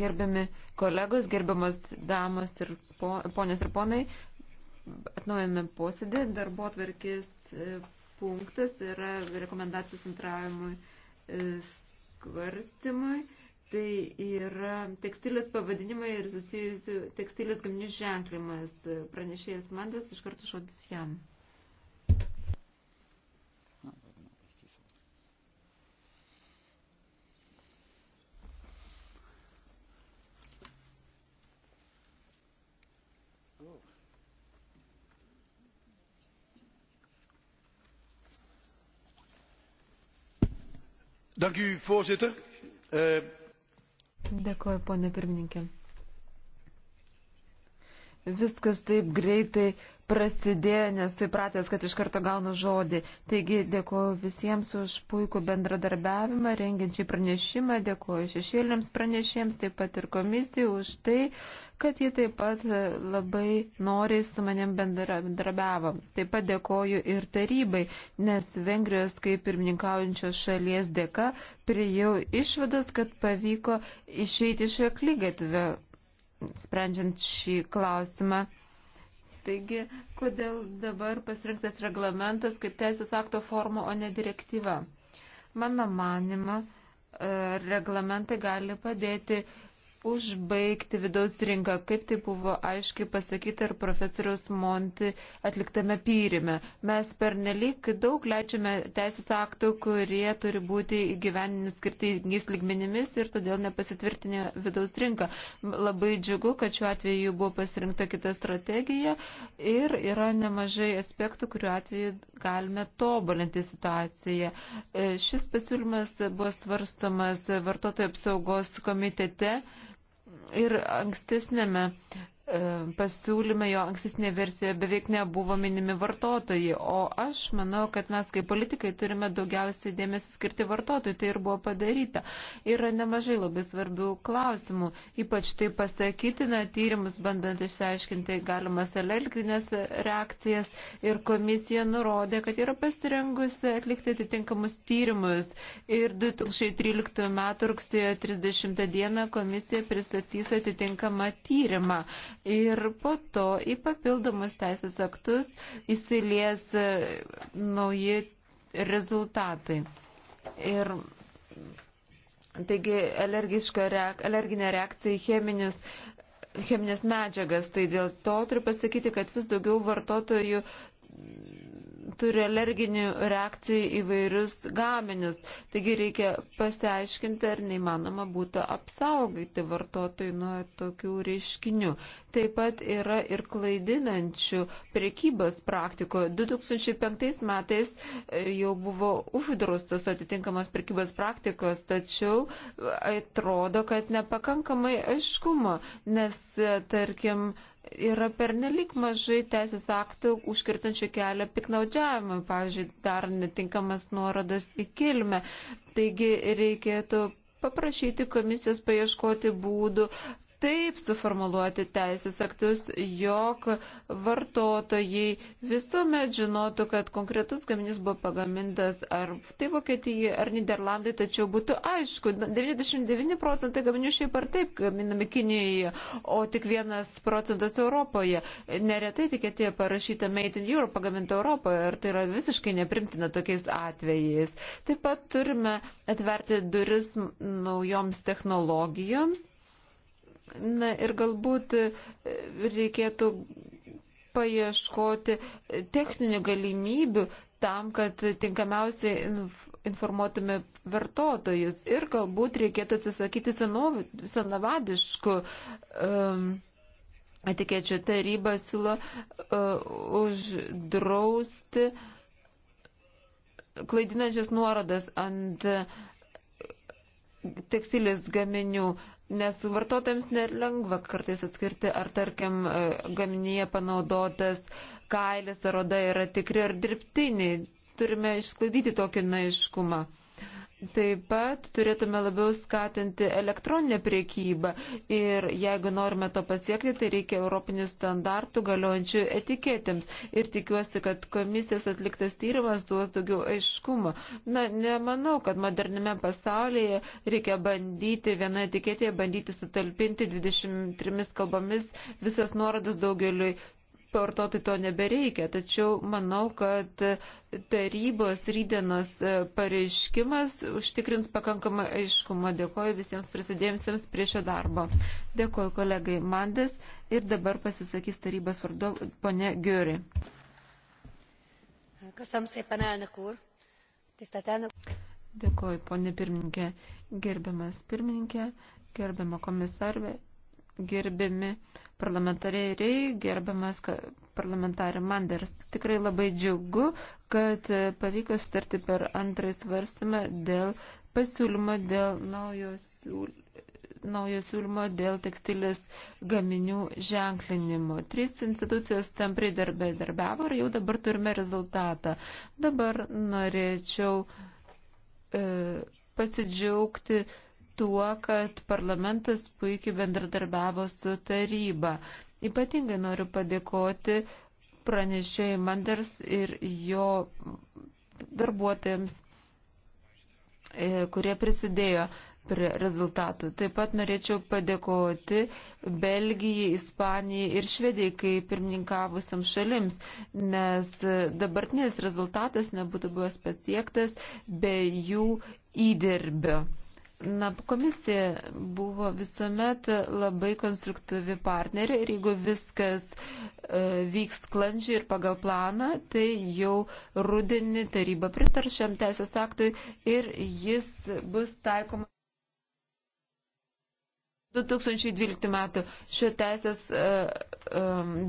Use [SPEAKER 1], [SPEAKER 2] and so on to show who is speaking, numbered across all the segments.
[SPEAKER 1] Gerbiami kolegos, gerbiamas damos ir po, ponės ir ponai, atnaujame posėdį. Darbo atverkis e, punktas yra rekomendacijos antravimui e, svarstymui. Tai yra tekstilės pavadinimai ir susijusių tekstilės gaminių ženklimas. Pranešėjas Mandas iš karto šodis jam.
[SPEAKER 2] voorzitter. Eh,
[SPEAKER 1] Dėkuoju, ponė pirmininkė. Viskas taip greitai prasidėjo, nes įpratęs, kad iš karto gaunu žodį. Taigi dėkuoju visiems už puikų bendradarbiavimą, rengiančiai pranešimą, dėkuoju šešėliams pranešėjams, taip pat ir komisijai už tai, kad jie taip pat labai noriai su manim bendradarbiavo. Taip pat dėkuoju ir tarybai, nes Vengrijos kaip pirmininkaujančios šalies dėka priejau išvadas, kad pavyko išeiti iš aklygatvę, sprendžiant šį klausimą. Taigi, kodėl dabar pasirinktas reglamentas kaip teisės akto forma, o ne direktyva? Mano manimo, e, reglamentai gali padėti užbaigti vidaus rinką, kaip tai buvo aiškiai pasakyta ir profesoriaus Monti atliktame pyrime. Mes pernelyg daug leidžiame teisės aktų, kurie turi būti įgyveninti skirtingais lygmenimis ir todėl nepasitvirtinė vidaus rinka. Labai džiugu, kad šiuo atveju buvo pasirinkta kita strategija ir yra nemažai aspektų, kuriuo atveju galime tobulinti situaciją. E, šis pasiūlymas buvo svarstamas vartotojų apsaugos komitete ir ankstesnėme E, pasiūlyme jo ankstesnė versija beveik nebuvo minimi vartotojai, o aš manau, kad mes kaip politikai turime daugiausiai dėmesį skirti vartotojai, tai ir buvo padaryta. Yra nemažai labai svarbių klausimų, ypač tai pasakytina tyrimus, bandant išsiaiškinti galimas alerginės reakcijas ir komisija nurodė, kad yra pasirengusi atlikti atitinkamus tyrimus ir 2013 m. rugsėjo 30 d. komisija pristatys atitinkamą tyrimą ir po to į papildomus teisės aktus įsilies e, nauji rezultatai. Ir taigi reak, alerginė reakcija į cheminius cheminės medžiagas, tai dėl to turiu pasakyti, kad vis daugiau vartotojų turi alerginių reakcijų įvairius gaminius. Taigi reikia pasiaiškinti, ar neįmanoma būtų apsaugoti vartotojų nuo tokių reiškinių. Taip pat yra ir klaidinančių priekybos praktiko. 2005 metais e, jau buvo uždraustos atitinkamos priekybos praktikos, tačiau atrodo, kad nepakankamai aiškumo, nes, e, tarkim, yra pernelik mažai teisės aktų užkirtančių kelią piknaudžiavimui, pavyzdžiui, dar netinkamas nuorodas į kilmę. Taigi reikėtų paprašyti komisijos paieškoti būdų, taip suformuluoti teisės aktus, jog vartotojai visuomet žinotų, kad konkretus gaminys buvo pagamintas ar tai Vokietijai, ar Niderlandai, tačiau būtų aišku, 99 procentai gaminių šiaip ar taip gaminami Kinijoje, o tik vienas procentas Europoje. Neretai tikėtėje parašyta Made in Europe pagaminta Europoje ir tai yra visiškai neprimtina tokiais atvejais. Taip pat turime atverti duris naujoms technologijoms Na ir galbūt e, reikėtų paieškoti techninių galimybių tam, kad tinkamiausiai informuotume vartotojus ir galbūt reikėtų atsisakyti senov, senavadiškų um, etikečių. Taryba siūlo uh, uždrausti klaidinančias nuorodas ant e, tekstilės gaminių. Uh, Nes vartotojams nelengva kartais atskirti, ar tarkim e, gaminyje panaudotas kailis ar oda yra tikri ar dirbtiniai. Turime išsklaidyti tokį naiškumą. Taip pat turėtume labiau skatinti elektroninę priekybą ir jeigu norime to pasiekti, tai reikia europinių standartų galiojančių etiketėms. Ir tikiuosi, kad komisijos atliktas tyrimas duos daugiau aiškumo. Na, nemanau, kad modernime pasaulyje reikia bandyti vienoje etiketėje bandyti sutalpinti 23 kalbomis visas nuorodas daugeliui vartoti to nebereikia. Tačiau manau, kad tarybos rydienos e, pareiškimas užtikrins pakankamą aiškumą. Dėkoju visiems prisidėjusiems prie šio darbo. Dėkoju kolegai Mandas ir dabar pasisakys tarybos vardu ponė Giuri. Dėkoju, ponė pirmininkė. Gerbiamas pirmininkė, gerbiama komisarvė, gerbiami parlamentariai, gerbiamas parlamentarė Manders. Tikrai labai džiugu, kad pavyko starti per antrąjį svarstymą dėl pasiūlymo dėl naujo, siūl... naujo siūlymo dėl tekstilės gaminių ženklinimo. Trys institucijos tampriai darbė darbiavo ir jau dabar turime rezultatą. Dabar norėčiau e, pasidžiaugti e, tuo, kad parlamentas puikiai bendradarbiavo su taryba. Ypatingai noriu padėkoti pranešėjai Manders ir jo darbuotojams, e, kurie prisidėjo prie rezultatų. Taip pat norėčiau padėkoti Belgijai, Ispanijai ir Švedijai kaip pirmininkavusiam šalims, nes dabartinis rezultatas nebūtų buvęs pasiektas be jų įdirbio. Na, komisija buvo visuomet labai konstruktyvi partnerė ir jeigu viskas e, vyks sklandžiai ir pagal planą, tai jau rudenį taryba pritar šiam teisės aktui ir jis bus taikomas. 2012 metų šio teisės e, e,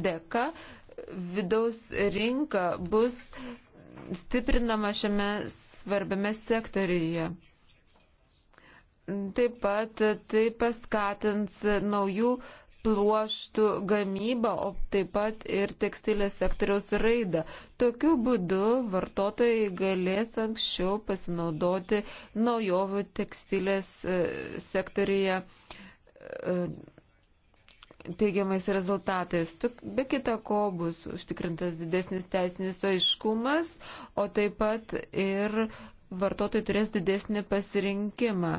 [SPEAKER 1] dėka vidaus rinka bus stiprinama šiame svarbiame sektoriuje. Taip pat tai paskatins naujų pluoštų gamybą, o taip pat ir tekstilės sektoriaus raidą. Tokiu būdu vartotojai galės anksčiau pasinaudoti naujovių tekstilės e, sektorija e, teigiamais rezultatais. Be kita ko bus užtikrintas didesnis teisinis aiškumas, o taip pat ir vartotojai turės didesnį pasirinkimą.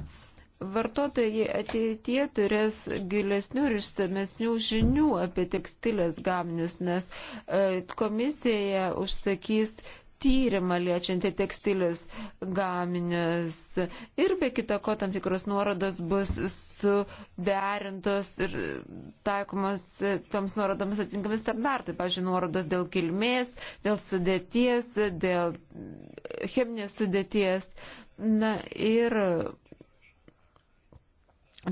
[SPEAKER 1] Vartotojai ateitie turės gilesnių ir išsamesnių žinių apie tekstilės gaminius, nes e, komisija užsakys tyrimą liečiantį tekstilės gaminius ir be kita ko tam tikros nuorodos bus suderintos ir taikomas toms nuorodoms atinkami standartai, pažiūrėjau, nuorodos dėl kilmės, dėl sudėties, dėl cheminės sudėties. Na ir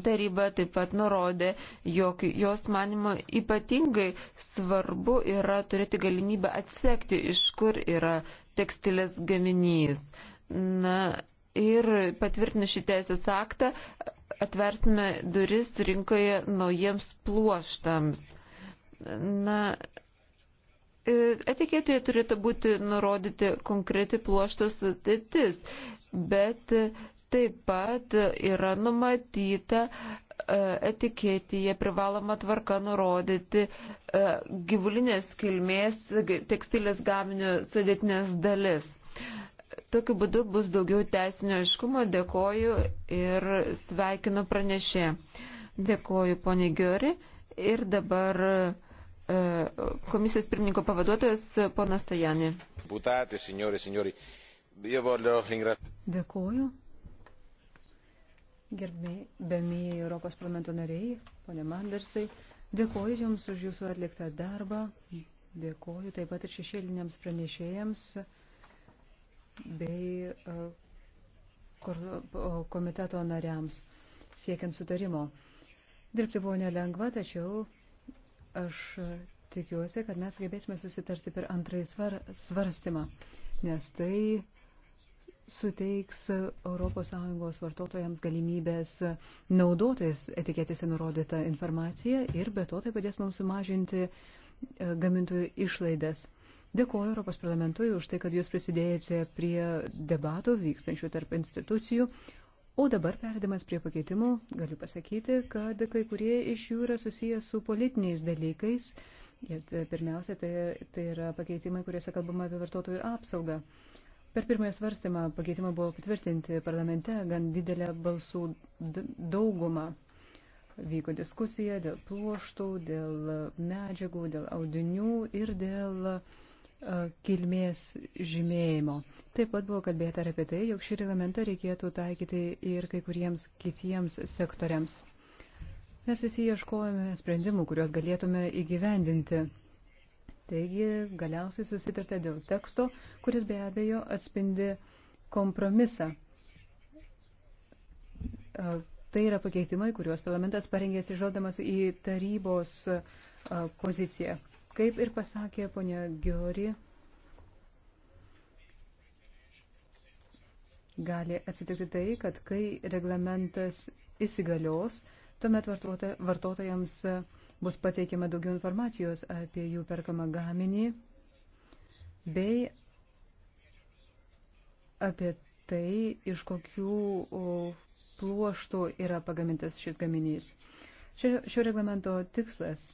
[SPEAKER 1] Taryba taip pat nurodė, jog jos manimo ypatingai svarbu yra turėti galimybę atsekti, iš kur yra tekstilės gaminys. Na, ir patvirtinus šį teisės aktą atversime duris rinkoje naujiems pluoštams. Na, e, etiketėje turėtų būti nurodyti konkreti pluoštos sudėtis, bet Taip pat yra numatyta e, etiketėje privaloma tvarka nurodyti e, gyvulinės kilmės tekstilės gaminio sudėtinės dalis. Tokiu būdu bus daugiau teisinio aiškumo. Dėkoju ir sveikinu pranešė. Dėkoju, ponė Giori. Ir dabar e, komisijos pirmininko pavaduotojas, ponas Tajani. Dėkoju.
[SPEAKER 2] Gerbėmiai Europos parlamento nariai, ponė Mandersai, dėkoju Jums už Jūsų atliktą darbą, dėkoju taip pat ir šešėliniams pranešėjams bei e, komiteto nariams siekiant sutarimo. Dirbti buvo nelengva, tačiau aš tikiuosi, kad mes sugebėsime susitarti per antrąjį svar, svarstymą, nes tai suteiks ES vartotojams galimybės naudotis etiketėse nurodytą informaciją ir be to tai padės mums sumažinti e, gamintojų išlaidas. Dėkuoju Europos parlamentui už tai, kad jūs prisidėjote prie debatų vykstančių tarp institucijų. O dabar perdamas prie pakeitimų, galiu pasakyti, kad kai kurie iš jų yra susijęs su politiniais dalykais. Ir pirmiausia, tai, tai yra pakeitimai, kuriuose kalbama apie vartotojų apsaugą. Uh, Per pirmąją svarstymą pakeitimą buvo patvirtinti parlamente gan didelę balsų daugumą. Vyko diskusija dėl pluoštų, dėl medžiagų, dėl audinių ir dėl kilmės žymėjimo. Taip pat buvo kalbėta ir apie tai, jog šį reglamentą reikėtų taikyti ir kai kuriems kitiems sektoriams. Mes visi ieškojame sprendimų, kuriuos galėtume įgyvendinti. Taigi galiausiai susitarta dėl teksto, kuris be abejo atspindi kompromisą. Tai yra pakeitimai, kuriuos parlamentas parengė sižaldamas į tarybos poziciją. Kaip ir pasakė ponia Giori, gali atsitikti tai, kad kai reglamentas įsigalios, tuomet vartotojams. Vartotojams bus pateikiama daugiau informacijos apie jų perkamą gaminį bei apie tai, iš kokių pluoštų yra pagamintas šis gaminys. Šio, šio reglamento tikslas,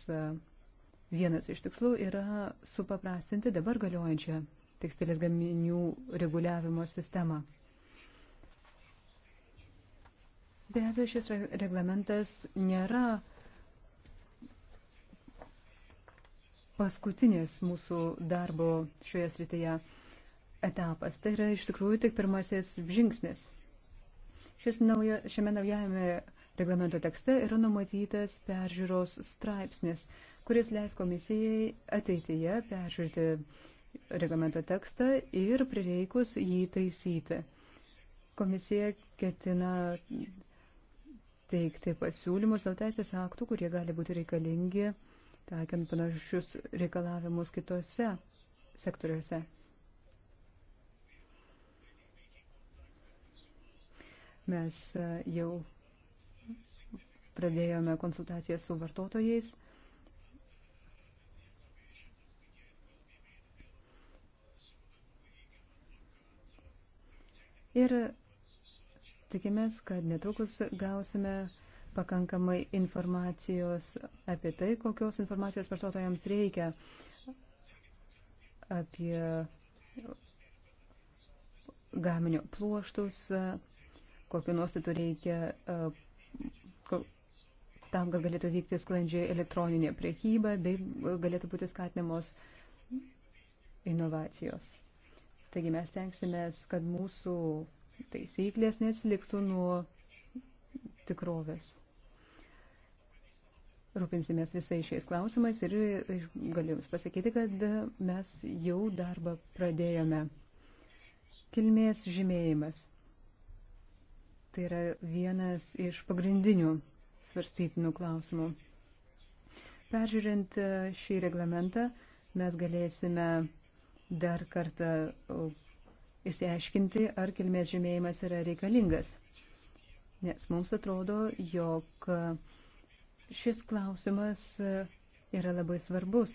[SPEAKER 2] vienas iš tikslų yra supaprastinti dabar galiojančią tekstilės gaminių reguliavimo sistemą. Be abejo, šis reglamentas nėra paskutinis mūsų darbo šioje srityje etapas. Tai yra iš tikrųjų tik pirmasis žingsnis. Šis nauja, šiame naujame reglamento tekste yra numatytas peržiūros straipsnis, kuris leis komisijai ateityje peržiūrėti reglamento tekstą ir prireikus jį taisyti. Komisija ketina teikti pasiūlymus dėl teisės aktų, kurie gali būti reikalingi taikant panašius reikalavimus kitose sektoriuose. Mes e, jau pradėjome konsultaciją su vartotojais. Ir tikimės, kad netrukus gausime uh, pakankamai informacijos apie tai, kokios informacijos vartotojams reikia apie gaminio pluoštus, kokiu nuostatu reikia tam, kad galėtų vykti sklandžiai elektroninė priekyba bei galėtų būti skatinamos inovacijos. Taigi mes tenksimės, kad mūsų taisyklės neatsiliktų nuo tikrovės. Rūpinsimės visais šiais klausimais ir galiu Jums pasakyti, kad mes jau darbą pradėjome. Kilmės žymėjimas. Tai yra vienas iš pagrindinių svarstytinų klausimų. Peržiūrint e, šį reglamentą, mes galėsime dar kartą įsiaiškinti, e, ar kilmės žymėjimas yra reikalingas nes mums atrodo, jog e, šis klausimas e, yra labai svarbus,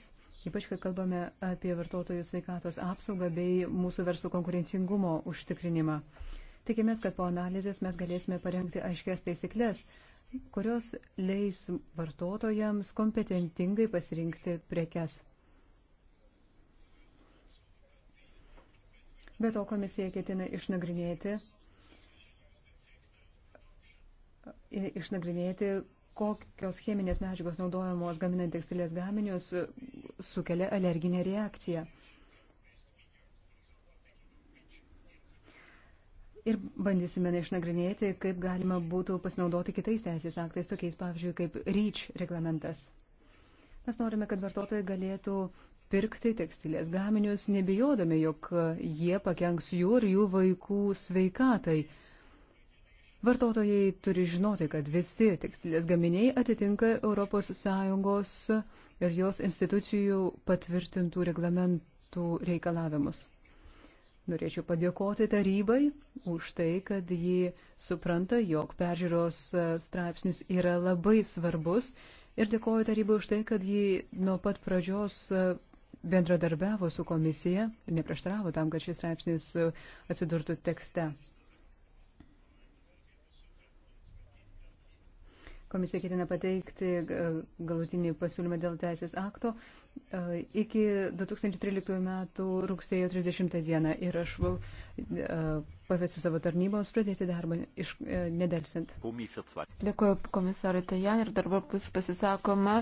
[SPEAKER 2] ypač kai kalbame apie vartotojų sveikatos apsaugą bei mūsų verslo konkurencingumo užtikrinimą. Tikimės, kad po analizės mes galėsime parengti aiškias taisyklės, kurios leis vartotojams kompetentingai pasirinkti prekes. Be to komisija ketina išnagrinėti išnagrinėti, kokios cheminės medžiagos naudojamos gaminant tekstilės gaminius sukelia alerginę reakciją. Ir bandysime išnagrinėti, kaip galima būtų pasinaudoti kitais teisės aktais, tokiais pavyzdžiui kaip REACH reglamentas. Mes norime, kad vartotojai galėtų pirkti tekstilės gaminius, nebijodami, jog jie pakenks jų ir jų vaikų sveikatai. Vartotojai turi žinoti, kad visi tekstilės gaminiai atitinka ES ir jos institucijų patvirtintų reglamentų reikalavimus. Norėčiau padėkoti tarybai už tai, kad ji supranta, jog peržiūros straipsnis yra labai svarbus ir dėkoju tarybai už tai, kad ji nuo pat pradžios bendradarbiavo su komisija ir neprieštaravo tam, kad šis straipsnis atsidurtų tekste. Komisija ketina pateikti e, galutinį pasiūlymą dėl teisės akto e, iki 2013 metų rugsėjo 30 dieną ir aš e, pavėsiu savo tarnybos pradėti darbą iš, nedelsint. Dėkuoju komisarui Tajan ir dabar
[SPEAKER 1] bus pasisakoma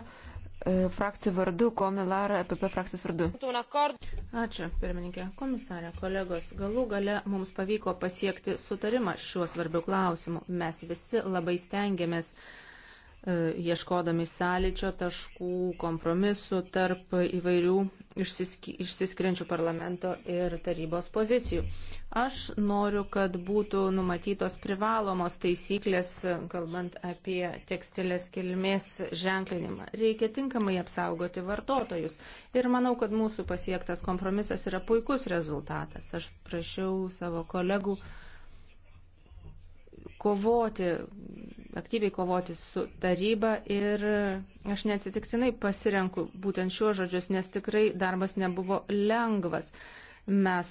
[SPEAKER 1] frakcijų vardu, Komilara, EPP frakcijos vardu.
[SPEAKER 3] Ačiū, pirmininkė, komisarė, kolegos. Galų gale mums pavyko pasiekti sutarimą šiuo svarbiu klausimu. Mes visi labai stengiamės uh, E, ieškodami sąlyčio taškų, kompromisų tarp įvairių išsiskiriančių parlamento ir tarybos pozicijų. Aš noriu, kad būtų numatytos privalomos taisyklės, kalbant apie tekstilės kilmės ženklinimą. Reikia tinkamai apsaugoti vartotojus. Ir manau, kad mūsų pasiektas kompromisas yra puikus rezultatas. Aš prašiau savo kolegų kovoti, aktyviai kovoti su taryba ir aš neatsitiktinai pasirenku būtent šiuos žodžius, nes tikrai darbas nebuvo lengvas. Mes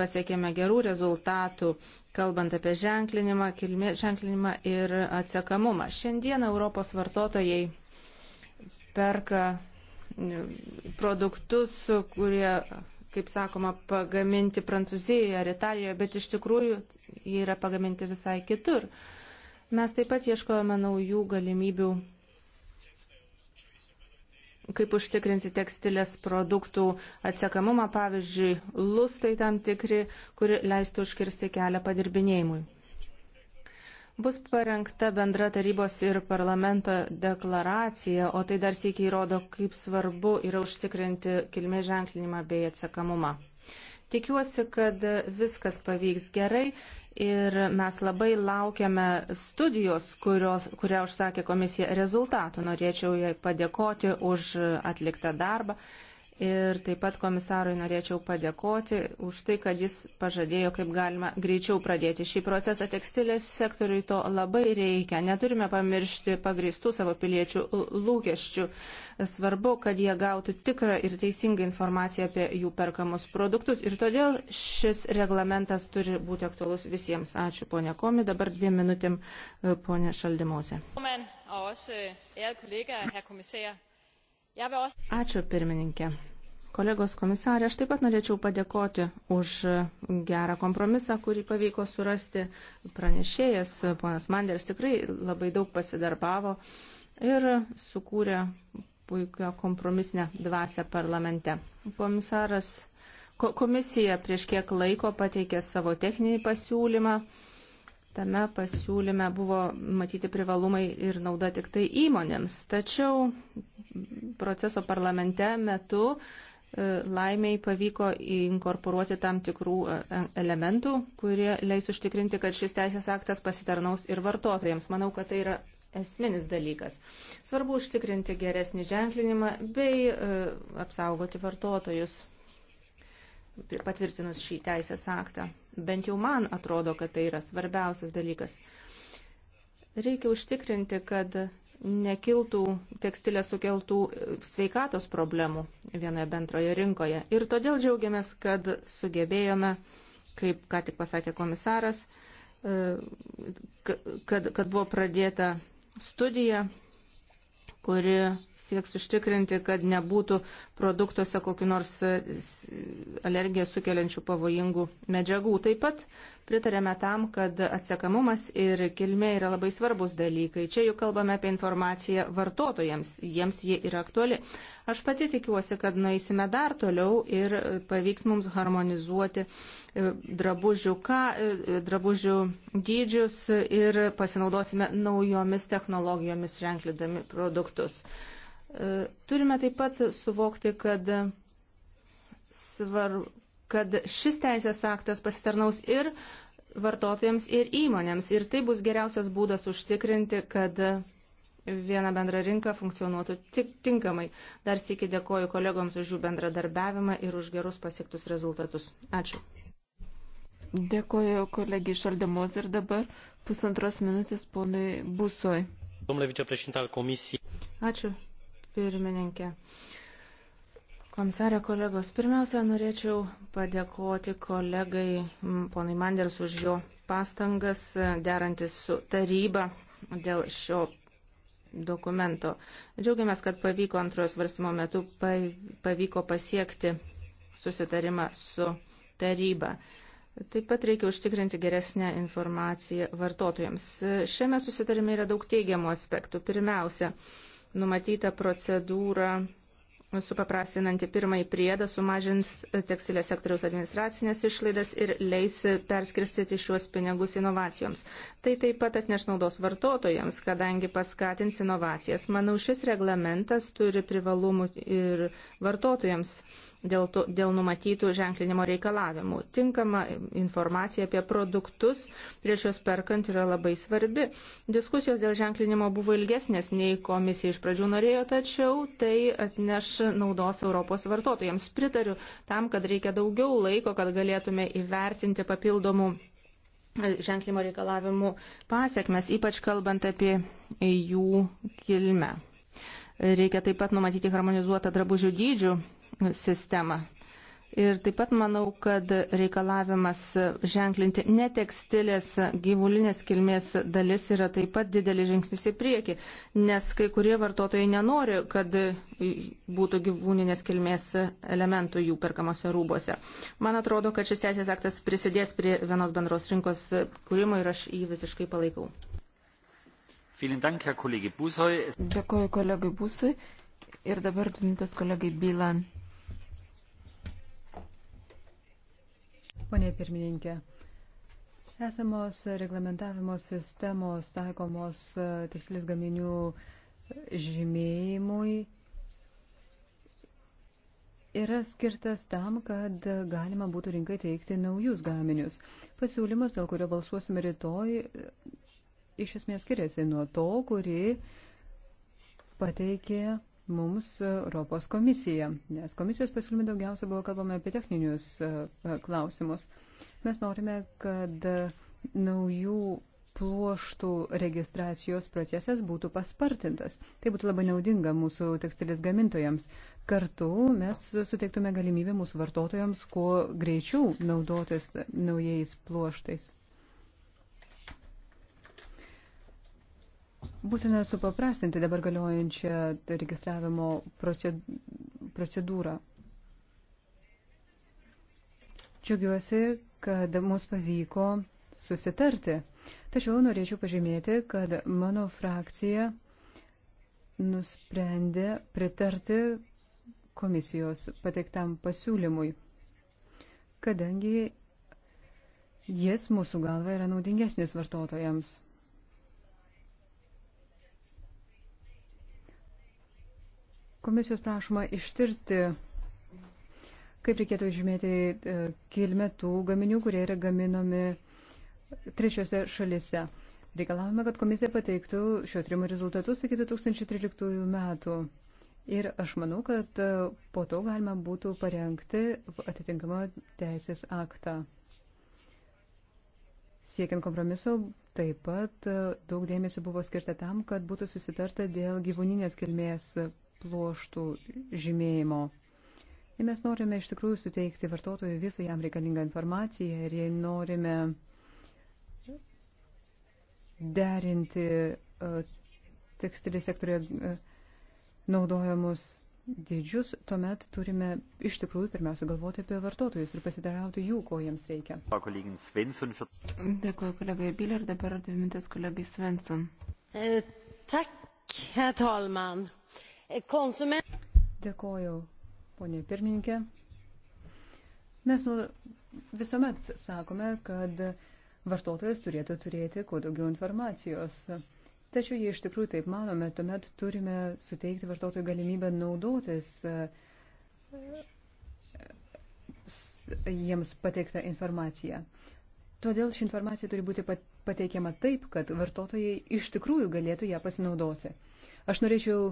[SPEAKER 3] pasiekėme gerų rezultatų, kalbant apie ženklinimą, kilmė, ženklinimą ir atsekamumą. Šiandien Europos vartotojai perka produktus, kurie kaip sakoma, pagaminti Prancūzijoje ar Italijoje, bet iš tikrųjų jie yra pagaminti visai kitur. Mes taip pat ieškojame naujų galimybių, kaip užtikrinti tekstilės produktų atsekamumą, pavyzdžiui, lustai tam tikri, kuri leistų užkirsti kelią padirbinėjimui. Bus parengta bendra tarybos ir parlamento deklaracija, o tai dar sėkiai įrodo, kaip svarbu yra užtikrinti kilmės ženklinimą bei atsakamumą. Tikiuosi, kad viskas pavyks gerai ir mes labai laukiame studijos, kurios, kurią užsakė komisija rezultatų. Norėčiau jai padėkoti už atliktą darbą Ir taip pat komisarui norėčiau padėkoti už tai, kad jis pažadėjo, kaip galima greičiau pradėti šį procesą. Tekstilės sektoriui to labai reikia. Neturime pamiršti pagristų savo piliečių lūkesčių. Svarbu, kad jie gautų tikrą ir teisingą informaciją apie jų perkamus produktus. Ir todėl šis reglamentas turi būti aktualus visiems. Ačiū, ponė Komi. Dabar dviem minutėm, e, ponė Šaldimose.
[SPEAKER 1] Herr Kommissar, Ačiū
[SPEAKER 3] pirmininkė. Kolegos komisarė, aš taip pat norėčiau padėkoti už gerą kompromisą, kurį pavyko surasti pranešėjas. Ponas Manders tikrai labai daug pasidarbavo ir sukūrė puikią kompromisinę dvasę parlamente. Komisaras, komisija prieš kiek laiko pateikė savo techninį pasiūlymą. Tame pasiūlyme buvo matyti privalumai ir nauda tik tai įmonėms. Tačiau proceso parlamente metu e, laimiai pavyko inkorporuoti tam tikrų e, e, elementų, kurie leis užtikrinti, kad šis teisės aktas pasitarnaus ir vartotojams. Manau, kad tai yra esminis dalykas. Svarbu užtikrinti geresnį ženklinimą bei apsaugoti vartotojus patvirtinus šį teisės aktą. Bent jau man atrodo, kad tai yra svarbiausias dalykas. Reikia užtikrinti, kad nekiltų tekstilės sukeltų sveikatos problemų vienoje bendroje rinkoje. Ir todėl džiaugiamės, kad sugebėjome, kaip ką tik pasakė komisaras, e, kad, kad buvo pradėta studija kuri sieks užtikrinti, kad nebūtų produktuose kokiu nors e, alergiją sukeliančių pavojingų medžiagų. Taip pat pritarėme tam, kad atsekamumas ir kilmė yra labai svarbus dalykai. Čia jau kalbame apie informaciją vartotojams, jiems jie yra aktuali. Aš pati tikiuosi, kad nueisime dar toliau ir pavyks mums harmonizuoti e, drabužių, ką, e, drabužių dydžius ir pasinaudosime naujomis technologijomis ženklidami produktus. E, turime taip pat suvokti, kad svarbu kad šis teisės aktas pasitarnaus ir vartotojams, ir įmonėms. Ir tai bus geriausias būdas užtikrinti, kad viena bendra rinka funkcionuotų tik tinkamai. Dar sėki dėkoju kolegoms už jų bendradarbiavimą ir už
[SPEAKER 1] gerus pasiektus rezultatus. Ačiū. Dėkoju kolegi Šaldemos ir dabar pusantros minutės ponui Busoj. Ačiū, pirmininkė. Komisarė kolegos, pirmiausia,
[SPEAKER 3] norėčiau padėkoti kolegai ponai Manders už jo pastangas e, derantis su taryba dėl šio dokumento. Džiaugiamės, kad pavyko antrojo svarstymo metu pavyko pasiekti susitarimą su taryba. Taip pat reikia užtikrinti geresnę informaciją vartotojams. E, šiame susitarime yra daug teigiamų aspektų. Pirmiausia, numatyta procedūra supaprastinanti pirmąjį priedą sumažins tekstilės sektoriaus administracinės išlaidas ir leis perskirstyti šiuos pinigus inovacijoms. Tai taip pat atneš naudos vartotojams, kadangi paskatins inovacijas. Manau, šis reglamentas turi privalumų ir vartotojams dėl, to, dėl numatytų ženklinimo reikalavimų. Tinkama informacija apie produktus prieš juos perkant yra labai svarbi. Diskusijos dėl ženklinimo buvo ilgesnės nei komisija iš pradžių norėjo, tačiau tai atneš naudos Europos vartotojams. Pritariu tam, kad reikia daugiau laiko, kad galėtume įvertinti papildomų ženklimo reikalavimų pasiekmes, ypač kalbant apie jų kilmę. Reikia taip pat numatyti harmonizuotą drabužių dydžių sistemą. Ir taip pat manau, kad reikalavimas ženklinti ne tekstilės gyvulinės kilmės dalis yra taip pat didelis žingsnis į priekį, nes kai kurie vartotojai nenori, kad būtų gyvūninės kilmės elementų jų perkamose rūbose. Man atrodo, kad šis teisės aktas prisidės prie vienos bendros rinkos kūrimo ir aš jį visiškai palaikau.
[SPEAKER 1] Dėkuoju kolegai Būsui ir dabar mintis kolegai Bylan.
[SPEAKER 2] ponė pirmininkė. Esamos reglamentavimo sistemos taikomos e, tekstilės gaminių žymėjimui yra skirtas tam, kad galima būtų rinkai teikti naujus gaminius. Pasiūlymas, dėl kurio balsuosime rytoj, e, iš esmės skiriasi nuo to, kurį pateikė mums e, Europos komisija, nes komisijos pasiūlymai daugiausia buvo kalbama apie techninius e, e, klausimus. Mes norime, kad naujų pluoštų registracijos procesas būtų paspartintas. Tai būtų labai naudinga mūsų tekstilės gamintojams. Kartu mes suteiktume galimybę mūsų vartotojams kuo greičiau naudotis naujais pluoštais. Būtina supaprastinti dabar galiojančią registravimo procedūrą. Džiugiuosi, kad mums pavyko susitarti. Tačiau norėčiau pažymėti, kad mano frakcija nusprendė pritarti komisijos pateiktam pasiūlymui, kadangi jis mūsų galva yra naudingesnis vartotojams. Komisijos prašoma ištirti, kaip reikėtų žymėti e, kilmę tų gaminių, kurie yra gaminami trečiose šalise. Reikalavome, kad komisija pateiktų šio tyrimo rezultatus iki 2013 metų. Ir aš manau, kad e, po to galima būtų parengti atitinkamą teisės aktą. Siekiant kompromiso, taip pat e, daug dėmesio buvo skirta tam, kad būtų susitarta dėl gyvūninės kilmės pluoštų žymėjimo. Ir mes norime iš tikrųjų suteikti vartotojui visą jam reikalingą informaciją ir jei norime derinti e, tekstilės sektorioje e, naudojamus dydžius, tuomet turime iš tikrųjų pirmiausia galvoti apie vartotojus ir pasidarauti jų, ko jiems reikia.
[SPEAKER 1] Dėkuoju kolegai Bilė ir dabar dvi minutės kolegai Svensson. E, tak, herr Tolman.
[SPEAKER 2] Eh, Dėkoju, ponė pirmininkė. Mes nu, visuomet sakome, kad vartotojas turėtų turėti kuo daugiau informacijos. Tačiau jei iš tikrųjų taip manome, tuomet turime suteikti vartotojui galimybę naudotis eh, jiems pateiktą informaciją. Todėl ši informacija turi būti pateikiama taip, kad vartotojai iš tikrųjų galėtų ją pasinaudoti. Aš norėčiau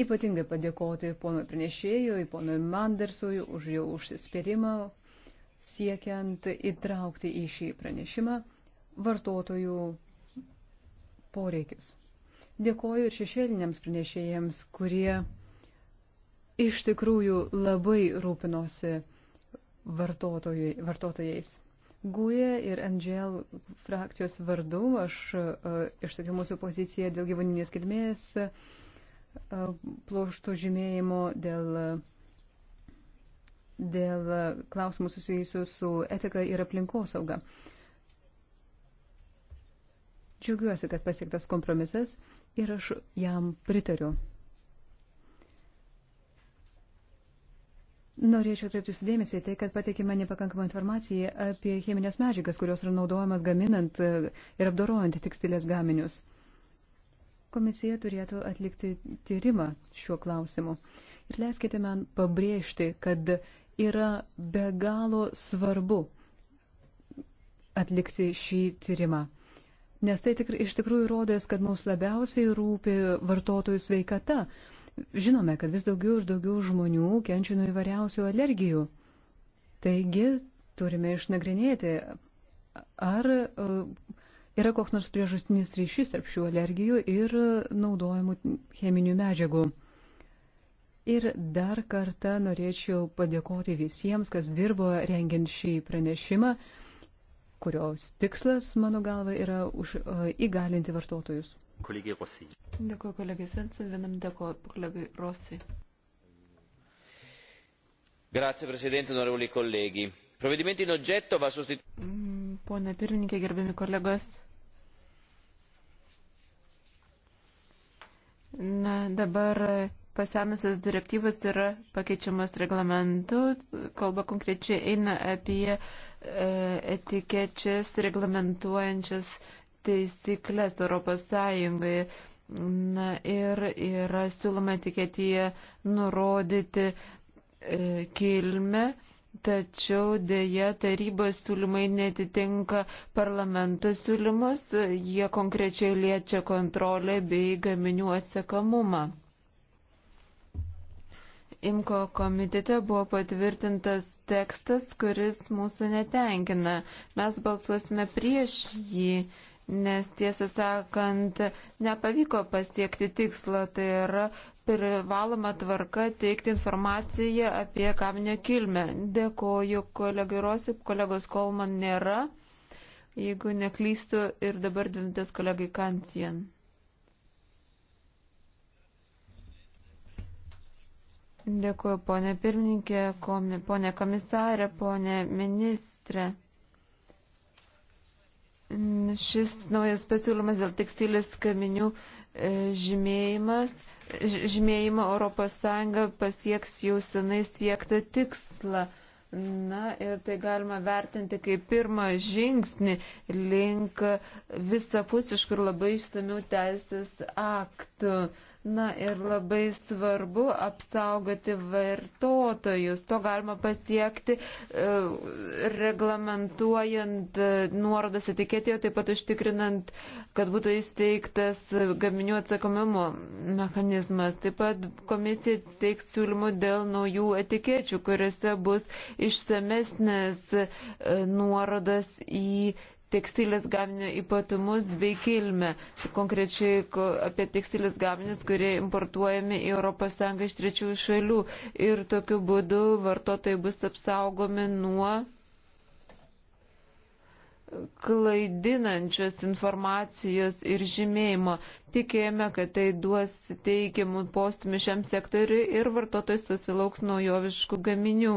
[SPEAKER 2] ypatingai padėkoti ponui pranešėjui, ponui Mandersui už jo užsispyrimą, siekiant įtraukti į šį pranešimą vartotojų poreikius. Dėkoju ir šešėliniams pranešėjams, kurie iš tikrųjų labai rūpinosi vartotojais. Guje ir Angel frakcijos vardu aš uh, išsakiau mūsų poziciją dėl gyvoninės kilmės uh, ploštų žymėjimo, dėl, dėl klausimų susijusių su etika ir aplinkosauga. Džiaugiuosi, kad pasiektas kompromisas ir aš jam pritariu. Norėčiau atkreipti sudėmesį tai, kad pateikime nepakankamą informaciją apie cheminės medžiagas, kurios yra naudojamas gaminant ir apdorojant tekstilės gaminius. Komisija turėtų atlikti tyrimą šiuo klausimu. Ir leiskite man pabrėžti, kad yra be galo svarbu atlikti šį tyrimą. Nes tai tik, iš tikrųjų rodės, kad mums labiausiai rūpi vartotojų sveikata. Žinome, kad vis daugiau ir daugiau žmonių kenčia nuo įvairiausių alergijų. Taigi turime išnagrinėti, ar uh, yra koks nors priežastinis ryšys tarp šių alergijų ir naudojimų cheminių medžiagų. Ir dar kartą norėčiau padėkoti visiems, kas dirbo rengiant šį pranešimą, kurios tikslas, mano galva, yra už, uh, įgalinti vartotojus. Kolegė Rosi. Dėkuoju kolegai Svensson, vienam dėkuoju kolegai Rosi.
[SPEAKER 3] Grazie Presidente, onorevoli colleghi. Provvedimento in oggetto va sostituito.
[SPEAKER 1] Mm Pone pirmininkė, gerbiami kolegos. Na, dabar pasenusios direktyvos yra pakeičiamas reglamentu, kalba konkrečiai eina apie e, etikečias reglamentuojančias taisyklės Europos Sąjungoje. Na ir yra siūloma etiketėje nurodyti e, kilmę tačiau dėja tarybos siūlymai netitinka parlamento siūlymus, jie konkrečiai liečia kontrolę bei gaminių atsekamumą. Imko komitete buvo patvirtintas tekstas, kuris mūsų netenkina. Mes balsuosime prieš jį, nes tiesą sakant, nepavyko pasiekti tikslo, tai yra privaloma tvarka teikti informaciją apie kaminio kilmę. Dėkoju kolegai Rosip, kolegos Kolman nėra. Jeigu neklystu ir dabar dvimtis kolegai Kancijan. Dėkuoju, ponė pirmininkė, ponė komisarė, ponė ministrė. Šis naujas pasiūlymas dėl tekstilės kaminių e, žymėjimas žymėjimo ES pasieks jau senai siektą tikslą. Na ir tai galima vertinti kaip pirmą žingsnį link visapusiškų ir labai išsamių teisės aktų. Na ir labai svarbu apsaugoti vartotojus. To galima pasiekti e, reglamentuojant e, nuorodas etiketėje, taip pat užtikrinant, kad būtų įsteigtas gaminių atsakomumo mechanizmas. Taip pat komisija teiks siūlymų dėl naujų etikečių, kuriuose bus išsamesnės e, nuorodas į tekstilės gaminio ypatumus bei kilmę, konkrečiai apie tekstilės gaminius, kurie importuojami į ES iš trečiųjų šalių ir tokiu būdu vartotojai bus apsaugomi nuo klaidinančios informacijos ir žymėjimo. Tikėjome, kad tai duos teigiamų postumį šiam sektoriui ir vartotojai susilauks naujoviškų gaminių.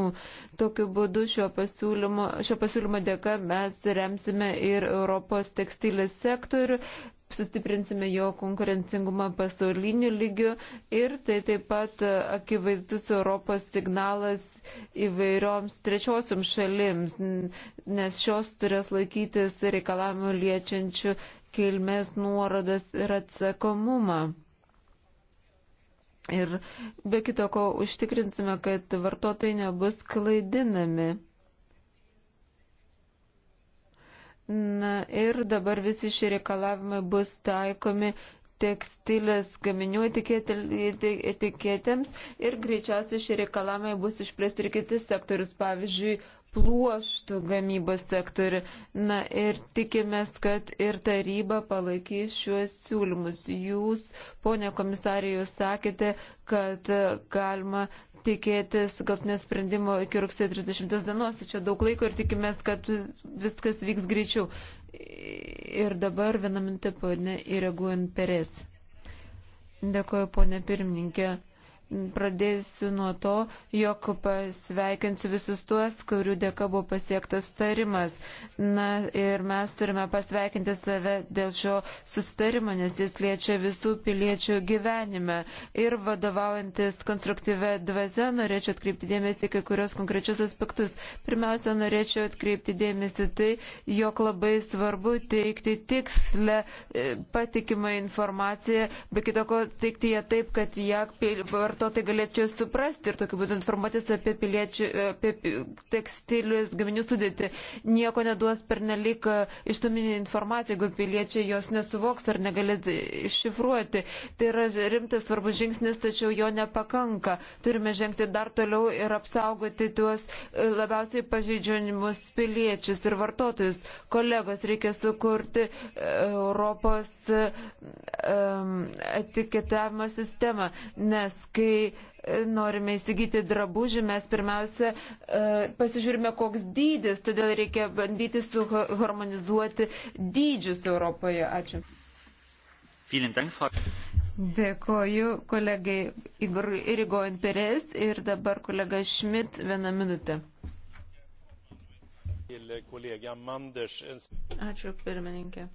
[SPEAKER 1] Tokiu būdu šio pasiūlymo, šio pasiūlymo dėka mes remsime ir Europos tekstilės sektorių, sustiprinsime jo konkurencingumą pasauliniu lygiu ir tai taip pat akivaizdus Europos signalas įvairioms trečiosioms šalims, nes šios turės laikytis reikalavimų liečiančių kilmės nuorodas ir atsakomumą. Ir be kitoko užtikrinsime, kad vartotojai nebus klaidinami. Na ir dabar visi šie reikalavimai bus taikomi tekstilės gaminių etiketėms ir greičiausiai šie reikalavimai bus išplėsti ir kitis sektorius, pavyzdžiui, pluoštų gamybos sektorių. Na ir tikimės, kad ir taryba palaikys šiuos siūlymus. Jūs, ponė komisarė, jūs sakėte, kad galima tikėtis galtinės sprendimo iki rugsėjo 30 dienos, tai čia daug laiko ir tikimės, kad viskas vyks greičiau. Ir dabar vieną mintį, ponė, įreaguojant perės. Dėkoju, ponė pirmininkė. Pradėsiu nuo to, jog pasveikinsiu visus tuos, kurių dėka buvo pasiektas starimas. Na ir mes turime pasveikinti save dėl šio sustarimo, nes jis liečia visų piliečių gyvenime. Ir vadovaujantis konstruktyvę dvasę, norėčiau atkreipti dėmesį kai kurios konkrečius aspektus. Pirmiausia, norėčiau atkreipti dėmesį tai, jog labai svarbu teikti tikslę e, patikimą informaciją, be kitoko teikti ją taip, kad ją vartotojai vartotojai galėčiau suprasti ir tokiu būdu informuotis apie, piliečių, apie tekstilės gaminių sudėti. Nieko neduos pernelyg e, išsaminė informacija, jeigu piliečiai jos nesuvoks ar negalės iššifruoti. Tai yra rimtas svarbus žingsnis, tačiau jo nepakanka. Turime žengti dar toliau ir apsaugoti tuos e, labiausiai pažeidžiamus piliečius ir vartotojus. Kolegos, reikia sukurti e, Europos um, etiketavimo sistemą, nes kai kai e, norime įsigyti drabužį, mes pirmiausia e, pasižiūrime, koks dydis, todėl reikia bandyti suharmonizuoti dydžius Europoje. Ačiū. Dėkoju kolegai Igor Irigojan Perez ir dabar kolega Šmit vieną minutę. Ačiū pirmininkė.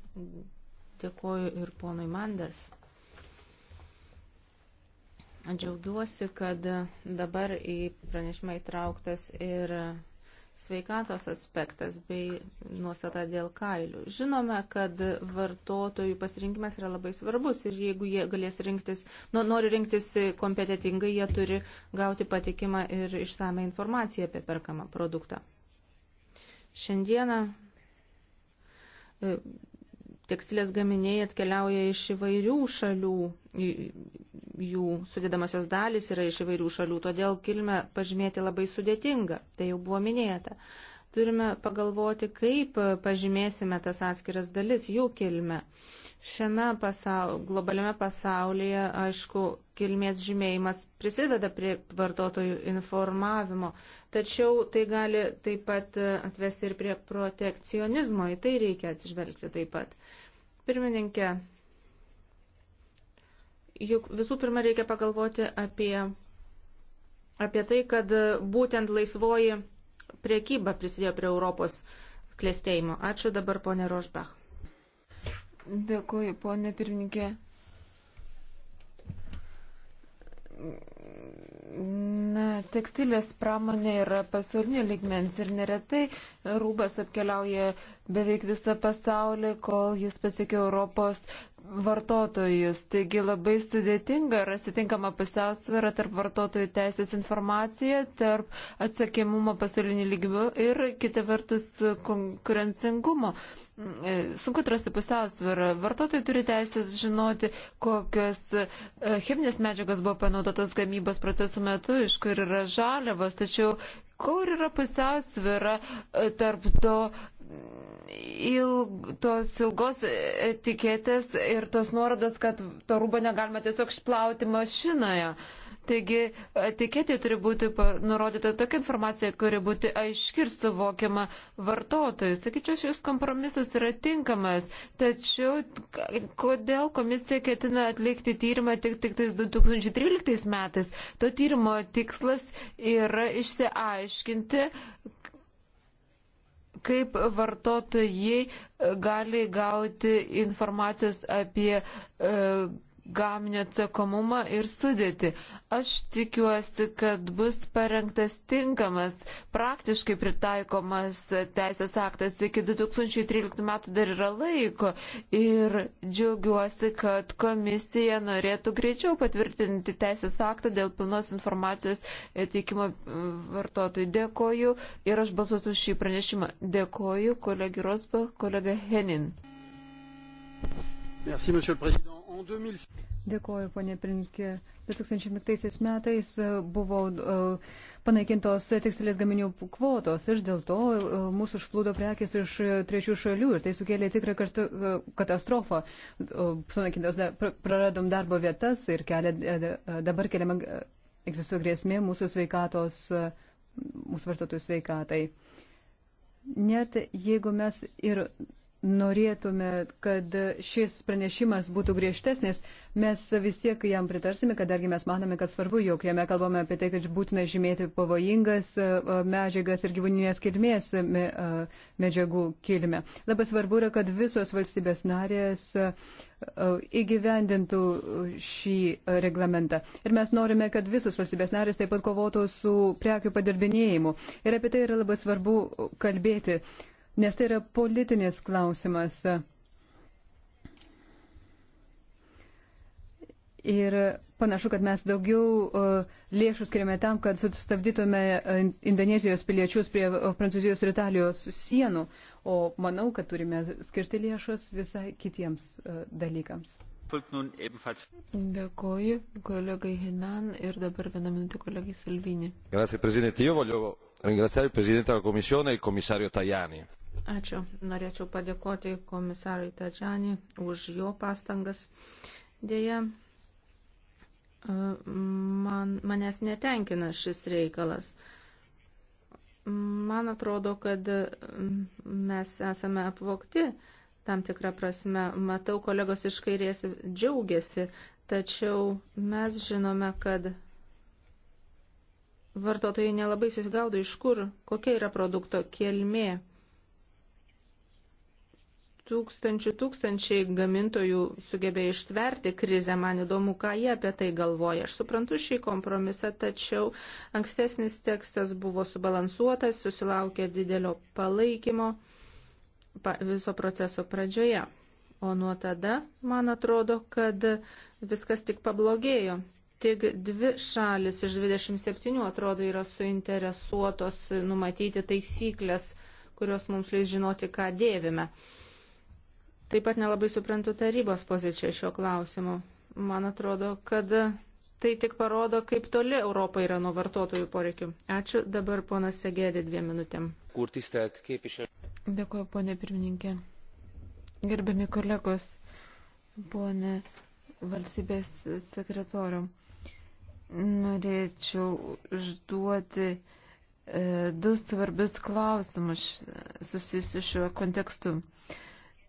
[SPEAKER 3] Dėkoju ir ponui Manders. Džiaugiuosi, kad dabar į pranešimą įtrauktas ir sveikatos aspektas bei nuostata dėl kailių. Žinome, kad vartotojų pasirinkimas yra labai svarbus ir jeigu jie galės rinktis, nu, nori rinktis kompetitingai, jie turi gauti patikimą ir išsame informaciją apie perkamą produktą. Šiandieną e, tekstilės gaminiai atkeliauja iš įvairių šalių, jų sudėdamasios dalys yra iš įvairių šalių, todėl kilmę pažymėti labai sudėtinga, tai jau buvo minėta. Turime pagalvoti, kaip pažymėsime tas atskiras dalis, jų kilmę. Šiame pasaul, globaliame pasaulyje, aišku, kilmės žymėjimas prisideda prie vartotojų informavimo, tačiau tai gali taip pat atvesti ir prie protekcionizmo, į tai reikia atsižvelgti taip pat. Pirmininkė, juk visų pirma reikia pagalvoti apie, apie tai, kad būtent laisvoji priekyba prisidėjo prie Europos klėstėjimo. Ačiū dabar, ponė Rožbach.
[SPEAKER 1] Dėkuoju, ponė pirmininkė. Na, tekstilės pramonė yra pasaulinio ligmens ir neretai rūbas apkeliauja beveik visą pasaulį, kol jis pasiekia Europos vartotojus. Taigi labai sudėtinga rasti tinkamą pusiausvyrą tarp vartotojų teisės informaciją, tarp atsakymumo pasaulinį lygmių ir kita vertus konkurencingumo. E, sunku atrasti pusiausvyrą. Vartotojai turi teisės žinoti, kokios e, cheminės medžiagos buvo panaudotos gamybos procesų metu, iš kur yra žaliavos, tačiau kur yra pusiausvyrą e, tarp to ilg, tos ilgos etiketės ir tos nuorodos, kad to rūbo negalima tiesiog išplauti mašinoje. Taigi etiketė turi būti nurodyta tokia informacija, kuri būti aiški ir suvokiama vartotojui. Sakyčiau, šis kompromisas yra tinkamas, tačiau kodėl komisija ketina atlikti tyrimą tik, tik 2013 metais? To tyrimo tikslas yra išsiaiškinti, kaip vartotojai gali gauti informacijos apie e, gaminio atsakomumą ir sudėti. Aš tikiuosi, kad bus parengtas tinkamas, praktiškai pritaikomas teisės aktas. Iki 2013 metų dar yra laiko ir džiaugiuosi, kad komisija norėtų greičiau patvirtinti teisės aktą dėl pilnos informacijos teikimo mm, vartotojų. Dėkoju ir aš balsuosiu už šį pranešimą. Dėkoju, kolegė Rosbach, kolega Henin. Merci, Monsieur le Président.
[SPEAKER 2] Dėkuoju, ponė Prinkė. 2005 metais e, buvo e, panaikintos tekstilės gaminių kvotos ir dėl to e, mūsų užplūdo prekės iš trečių šalių ir tai sukėlė tikrą kartu, katastrofą. Sunaikintos praradom darbo vietas ir kelia, dabar keliama egzistuoja grėsmė mūsų sveikatos, mūsų vartotojų sveikatai. Net jeigu mes ir norėtume, kad šis pranešimas būtų griežtesnis, mes vis tiek jam pritarsime, kadangi mes manome, kad svarbu, jog jame kalbame apie tai, kad būtina žymėti pavojingas e, e, medžiagas ir gyvūninės kilmės e, medžiagų kilmę. Labai svarbu yra, kad visos valstybės narės įgyvendintų šį reglamentą. Ir mes norime, kad visos valstybės narės taip pat kovotų su prekių padirbinėjimu. Ir apie tai yra labai svarbu kalbėti nes tai yra politinis klausimas. Ir panašu, kad mes daugiau lėšų skiriame tam, kad sustabdytume Indonezijos piliečius prie Prancūzijos ir Italijos sienų, o manau, kad turime skirti lėšas visai kitiems dalykams. Dėkoju kolegai Hinan
[SPEAKER 1] ir dabar vieną minutę kolegai Salvini. Grazie, Presidente. Io voglio ringraziare il Presidente della Commissione e il Commissario Tajani.
[SPEAKER 3] Ačiū. Norėčiau padėkoti komisarui Tadžiani už jo pastangas. Dėja, e, man, manęs netenkina šis reikalas. Man atrodo, kad mes esame apvokti tam tikrą prasme. Matau, kolegos iš kairės džiaugiasi, tačiau mes žinome, kad vartotojai nelabai susigaudo, iš kur, kokia yra produkto kilmė tūkstančių tūkstančiai gamintojų sugebėjo ištverti krizę. Man įdomu, ką jie apie tai galvoja. Aš suprantu šį kompromisą, tačiau ankstesnis tekstas buvo subalansuotas, susilaukė didelio palaikymo viso proceso pradžioje. O nuo tada, man atrodo, kad viskas tik pablogėjo. Tik dvi šalis iš 27 atrodo yra suinteresuotos numatyti taisyklės, kurios mums leis žinoti, ką dėvime. Taip pat nelabai suprantu tarybos poziciją šiuo klausimu. Man atrodo, kad tai tik parodo, kaip toli Europa yra nuo vartotojų poreikių. Ačiū dabar ponas Segedė dviem minutėm. Dėkuoju,
[SPEAKER 1] ponė pirmininkė. Gerbiami kolegos, ponė valstybės sekretorium, norėčiau užduoti e, du svarbius klausimus susijusiu šiuo kontekstu. E,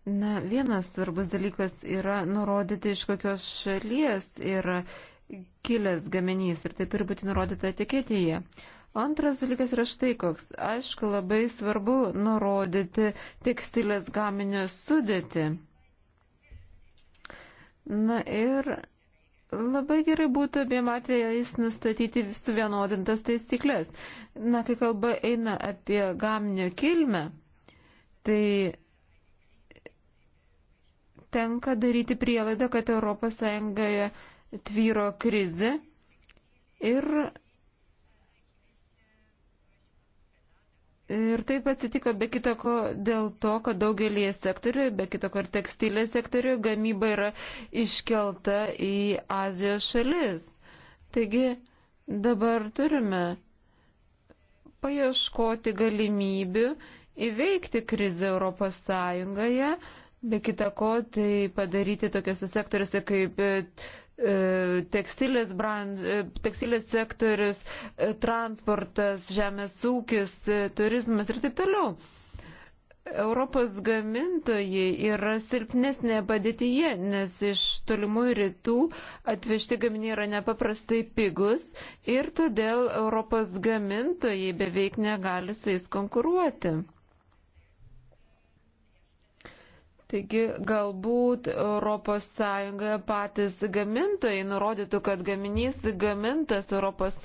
[SPEAKER 1] Na, vienas svarbus dalykas yra nurodyti, iš kokios šalies yra kilęs gaminys ir tai turi būti nurodyta etiketėje. Antras dalykas yra štai koks. Aišku, labai svarbu nurodyti tekstilės gaminio sudėti. Na ir labai gerai būtų abiem atvejais nustatyti suvienodintas taisyklės. Na, kai kalba eina apie gaminio kilmę, tai tenka daryti prielaidą, kad ES tvyro krizė ir, ir taip atsitiko be kitako dėl to, kad daugelie sektorių, be kitako ir tekstilės sektorių, gamyba yra iškelta į Azijos šalis. Taigi dabar turime paieškoti galimybių įveikti krizę Europos Sąjungoje, Be kita ko, tai padaryti tokiuose sektoriuose kaip e, e, tekstilės, brand, e, tekstilės sektorius, transportas, žemės ūkis, turizmas ir taip toliau. Europos gamintojai yra silpnesnė padėtyje, nes iš tolimųjų rytų atvežti gaminiai yra nepaprastai pigus ir todėl Europos gamintojai beveik negali su jais konkuruoti. Taigi galbūt ES patys gamintojai nurodytų, kad gaminys gamintas ES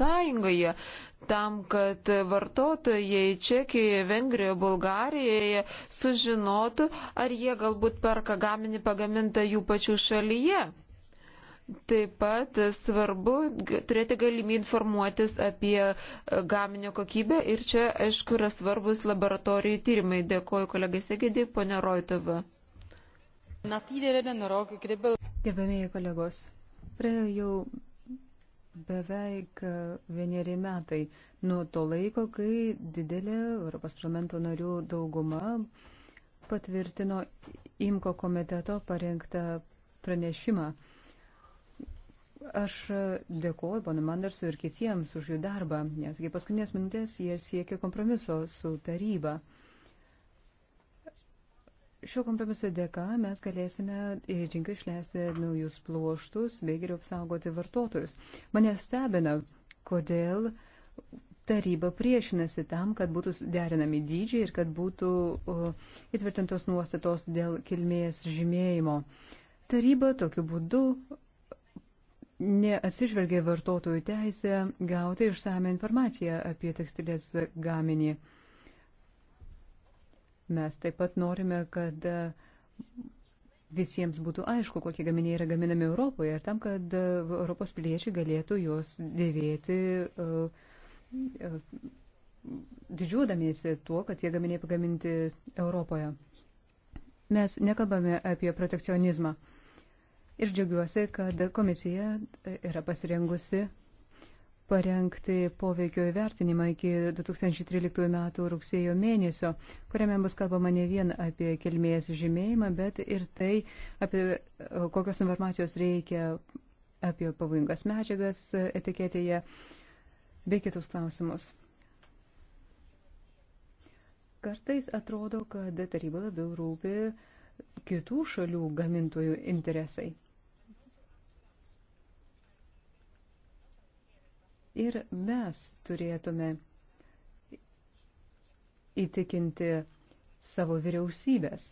[SPEAKER 1] tam, kad vartotojai Čekijoje, Vengrijoje, Bulgarijoje sužinotų, ar jie galbūt perka gaminį pagamintą jų pačių šalyje. Taip pat svarbu turėti galimybę informuotis apie e, gaminio kokybę ir čia, aišku, yra svarbus laboratorijų tyrimai. Dėkoju kolegai Segedį, ponia Roitova.
[SPEAKER 2] Gerbėmėjai kolegos, praėjo jau beveik e, vieneri metai nuo to laiko, kai didelė Europos parlamento narių dauguma patvirtino IMKO komiteto parengtą pranešimą. Aš e, dėkuoju ponu Mandersu ir kitiems už jų darbą, nesgi paskutinės minutės jie siekia kompromiso su taryba. Šio kompromiso dėka mes galėsime į rinką išleisti naujus pluoštus bei geriau apsaugoti vartotojus. Mane stebina, kodėl taryba priešinasi tam, kad būtų derinami dydžiai ir kad būtų įtvirtintos nuostatos dėl kilmės žymėjimo. Taryba tokiu būdu neatsižvelgia vartotojų teisę gauti išsame informaciją apie tekstilės gaminį. Mes taip pat norime, kad e, visiems būtų aišku, kokie gaminiai yra gaminami Europoje ir tam, kad e, Europos piliečiai galėtų juos dėvėti e, didžiuodamiesi tuo, kad jie gaminiai pagaminti Europoje. Mes nekalbame apie protekcionizmą. Ir džiaugiuosi, kad komisija yra pasirengusi parengti poveikio įvertinimą iki 2013 metų rugsėjo mėnesio, kuriame bus kalbama ne vien apie kilmės žymėjimą, bet ir tai, apie kokios informacijos reikia apie pavojingas medžiagas etiketėje bei kitus klausimus. Kartais atrodo, kad taryba labiau rūpi kitų šalių gamintojų interesai. Ir mes turėtume įtikinti savo vyriausybės.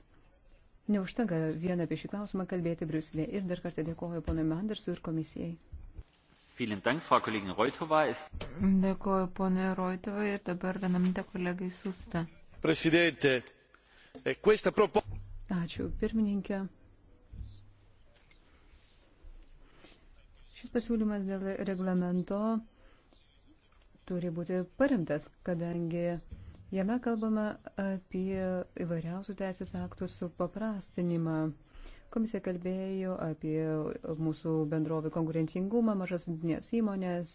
[SPEAKER 2] Neužtenka vieną apie šį klausimą kalbėti Briuselėje. Ir dar kartą dėkoju ponui Mandersui ir komisijai.
[SPEAKER 1] Dėkoju ponui Roitovai ir dabar vieną minutę kolegai Susta. Presidente, e questa proposta.
[SPEAKER 2] Ačiū, pirmininkė. Šis pasiūlymas dėl reglamento turi būti paremtas, kadangi jame kalbama apie įvairiausių teisės aktų supaprastinimą. Komisija kalbėjo apie mūsų bendrovį konkurencingumą, mažas vidinės įmonės.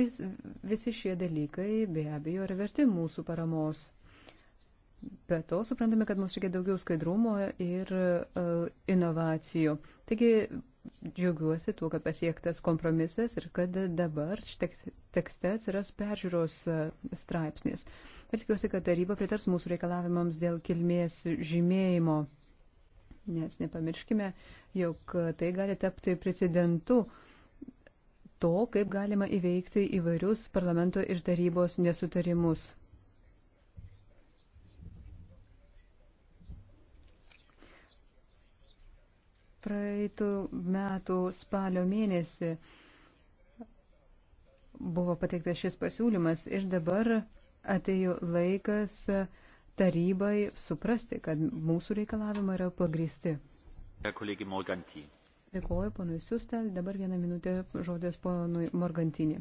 [SPEAKER 2] Vis, visi šie dalykai be abejo yra verti mūsų paramos. Be to, suprantame, kad mums reikia daugiau skaidrumo ir uh, inovacijų. Taigi, džiaugiuosi tuo, kad pasiektas kompromisas ir kad dabar tekste atsiras peržiūros e, straipsnis. Ir tikiuosi, kad taryba pritars mūsų reikalavimams dėl kilmės žymėjimo, nes nepamirškime, jog tai gali tapti precedentu to, kaip galima įveikti įvairius parlamento ir tarybos nesutarimus. Praeitų metų spalio mėnesį buvo pateiktas šis pasiūlymas ir dabar atėjo laikas tarybai suprasti, kad mūsų reikalavimai yra pagristi. Dėkuoju ponui Sustel, dabar vieną minutę žodės ponui Morgantinį.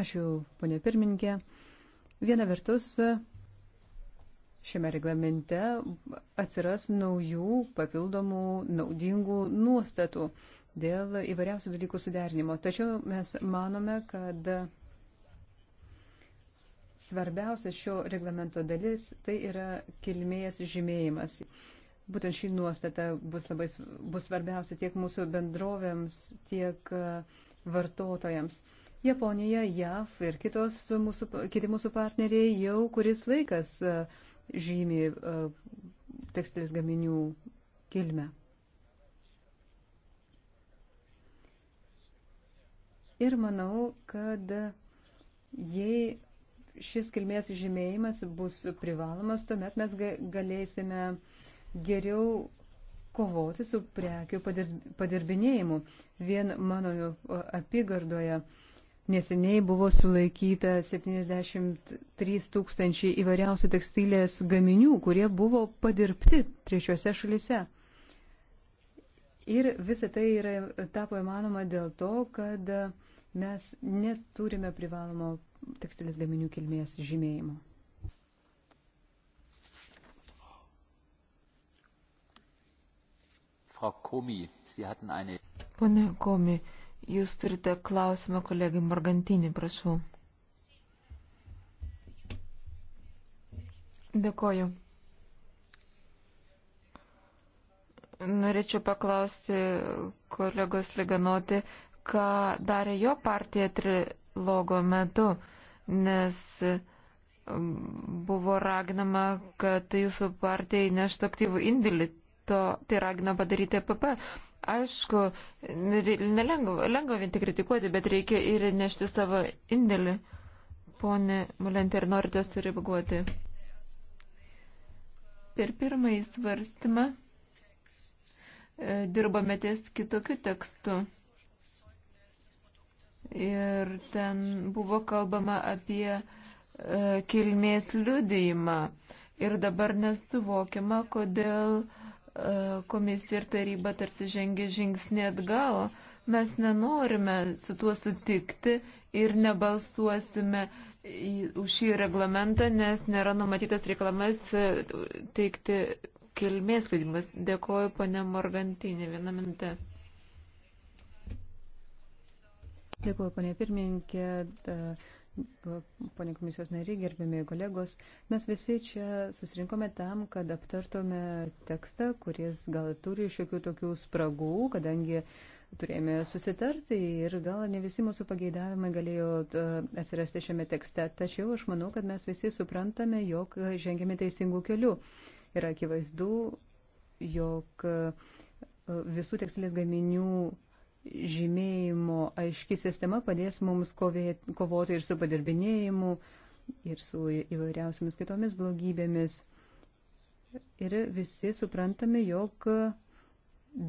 [SPEAKER 2] Ačiū, ponė pirmininkė. Viena vertus, šiame reglamente atsiras naujų, papildomų, naudingų nuostatų dėl įvairiausių dalykų suderinimo. Tačiau mes manome, kad svarbiausia šio reglamento dalis tai yra kilmės žymėjimas. Būtent šį nuostatą bus, labai, bus svarbiausia tiek mūsų bendrovėms, tiek e, vartotojams. Japonija, JAV ir kitos mūsų, kiti mūsų partneriai jau kuris laikas uh, žymi e, tekstilės gaminių kilmę. Ir manau, kad jei šis kilmės žymėjimas bus privalomas, tuomet mes galėsime geriau kovoti su prekių padirbinėjimu. Vien mano e, apygardoje uh, Neseniai buvo sulaikyta 73 tūkstančiai įvairiausių tekstilės gaminių, kurie buvo padirbti trečiuose šalise. Ir visa tai yra, tapo įmanoma dėl to, kad mes neturime privalomo tekstilės gaminių kilmės žymėjimo.
[SPEAKER 1] Frau Komi, Sie hatten eine.
[SPEAKER 2] Pone Komi,
[SPEAKER 1] Jūs turite klausimą kolegai Morgantinį, prašau. Dėkoju. Norėčiau paklausti kolegos Liganoti, ką darė jo partija trilogo metu, nes um, buvo raginama, kad jūsų partija neštų aktyvų indėlį. To, tai ragino padaryti PP. E Aišku, nelengva lengva vien tik kritikuoti, bet reikia ir nešti savo indėlį. Pone Mulenti, ar norite sureaguoti? Per pirmąjį svarstymą e, dirbame ties kitokiu tekstu. Ir ten buvo kalbama apie e, kilmės liudijimą. Ir dabar nesuvokiama, kodėl e, komisija ir taryba tarsi žengia žingsnį atgal. Mes nenorime su tuo sutikti ir nebalsuosime už šį reglamentą, nes nėra numatytas reklamas e, teikti kilmės leidimas. Dėkoju, ponė Morgantinė, vieną minutę.
[SPEAKER 2] Dėkuoju, ponė pirmininkė. Da ponė komisijos nariai, gerbėmiai kolegos, mes visi čia susirinkome tam, kad aptartume tekstą, kuris gal turi šiokių tokių spragų, kadangi turėjome susitarti ir gal ne visi mūsų pageidavimai galėjo e, atsirasti šiame tekste. Tačiau aš manau, kad mes visi suprantame, jog žengėme teisingų kelių. Yra akivaizdu, jog e, visų tekstilės gaminių žymėjimo aiški sistema padės mums kovoti ir su padirbinėjimu, ir su įvairiausiamis kitomis blogybėmis. Ir visi suprantame, jog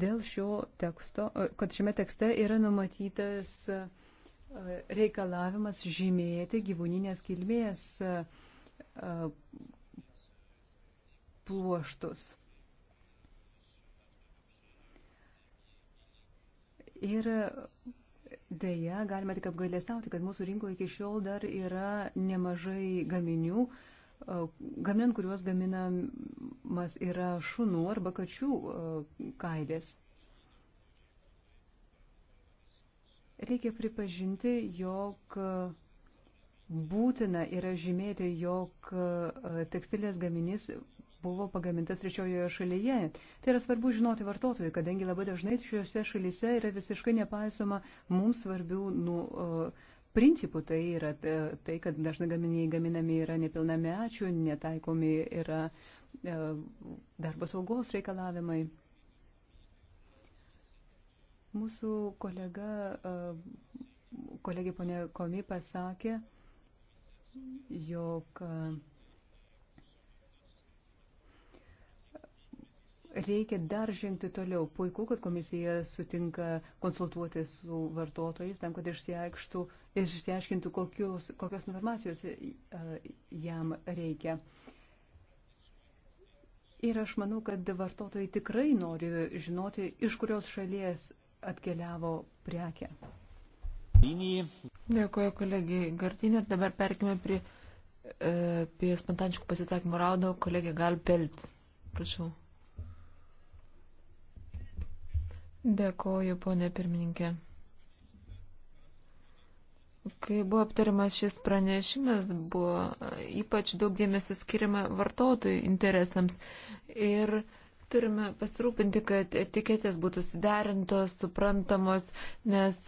[SPEAKER 2] dėl šio teksto, kad šiame tekste yra numatytas e, reikalavimas žymėti gyvūninės kilmės e, pluoštus. Ir dėja, galime tik apgailestauti, kad mūsų rinkoje iki šiol dar yra nemažai gaminių, gaminant kuriuos gaminamas yra šunų arba kačių kailės. Reikia pripažinti, jog būtina yra žymėti, jog tekstilės gaminys buvo pagamintas trečiojoje šalyje. Tai yra svarbu žinoti vartotojui, kadangi labai dažnai šiuose šalyse yra visiškai nepaisoma mums svarbių nu, principų. Tai yra e, tai, kad dažnai gaminiai gaminami yra nepilnamečių, netaikomi yra e, darbo saugos reikalavimai. Mūsų kolega, e, kolegė ponė Komi pasakė, jog Reikia dar žengti toliau. Puiku, kad komisija sutinka konsultuoti su vartotojais, tam, kad išsiaiškintų, kokios, kokios informacijos e, jam reikia. Ir aš manau, kad vartotojai tikrai nori žinoti, iš kurios šalies atkeliavo prekė.
[SPEAKER 1] Dėkuoju
[SPEAKER 2] kolegijai Gardinė ir dabar perkime prie,
[SPEAKER 1] e, prie spontaniškų pasisakymų raudo kolegija Galpelts. Prašau. Dėkoju, ponė pirmininkė. Kai buvo aptariamas šis pranešimas, buvo ypač daug dėmesio skiriama vartotojų interesams. Ir turime pasirūpinti, kad etiketės būtų suderintos, suprantamos, nes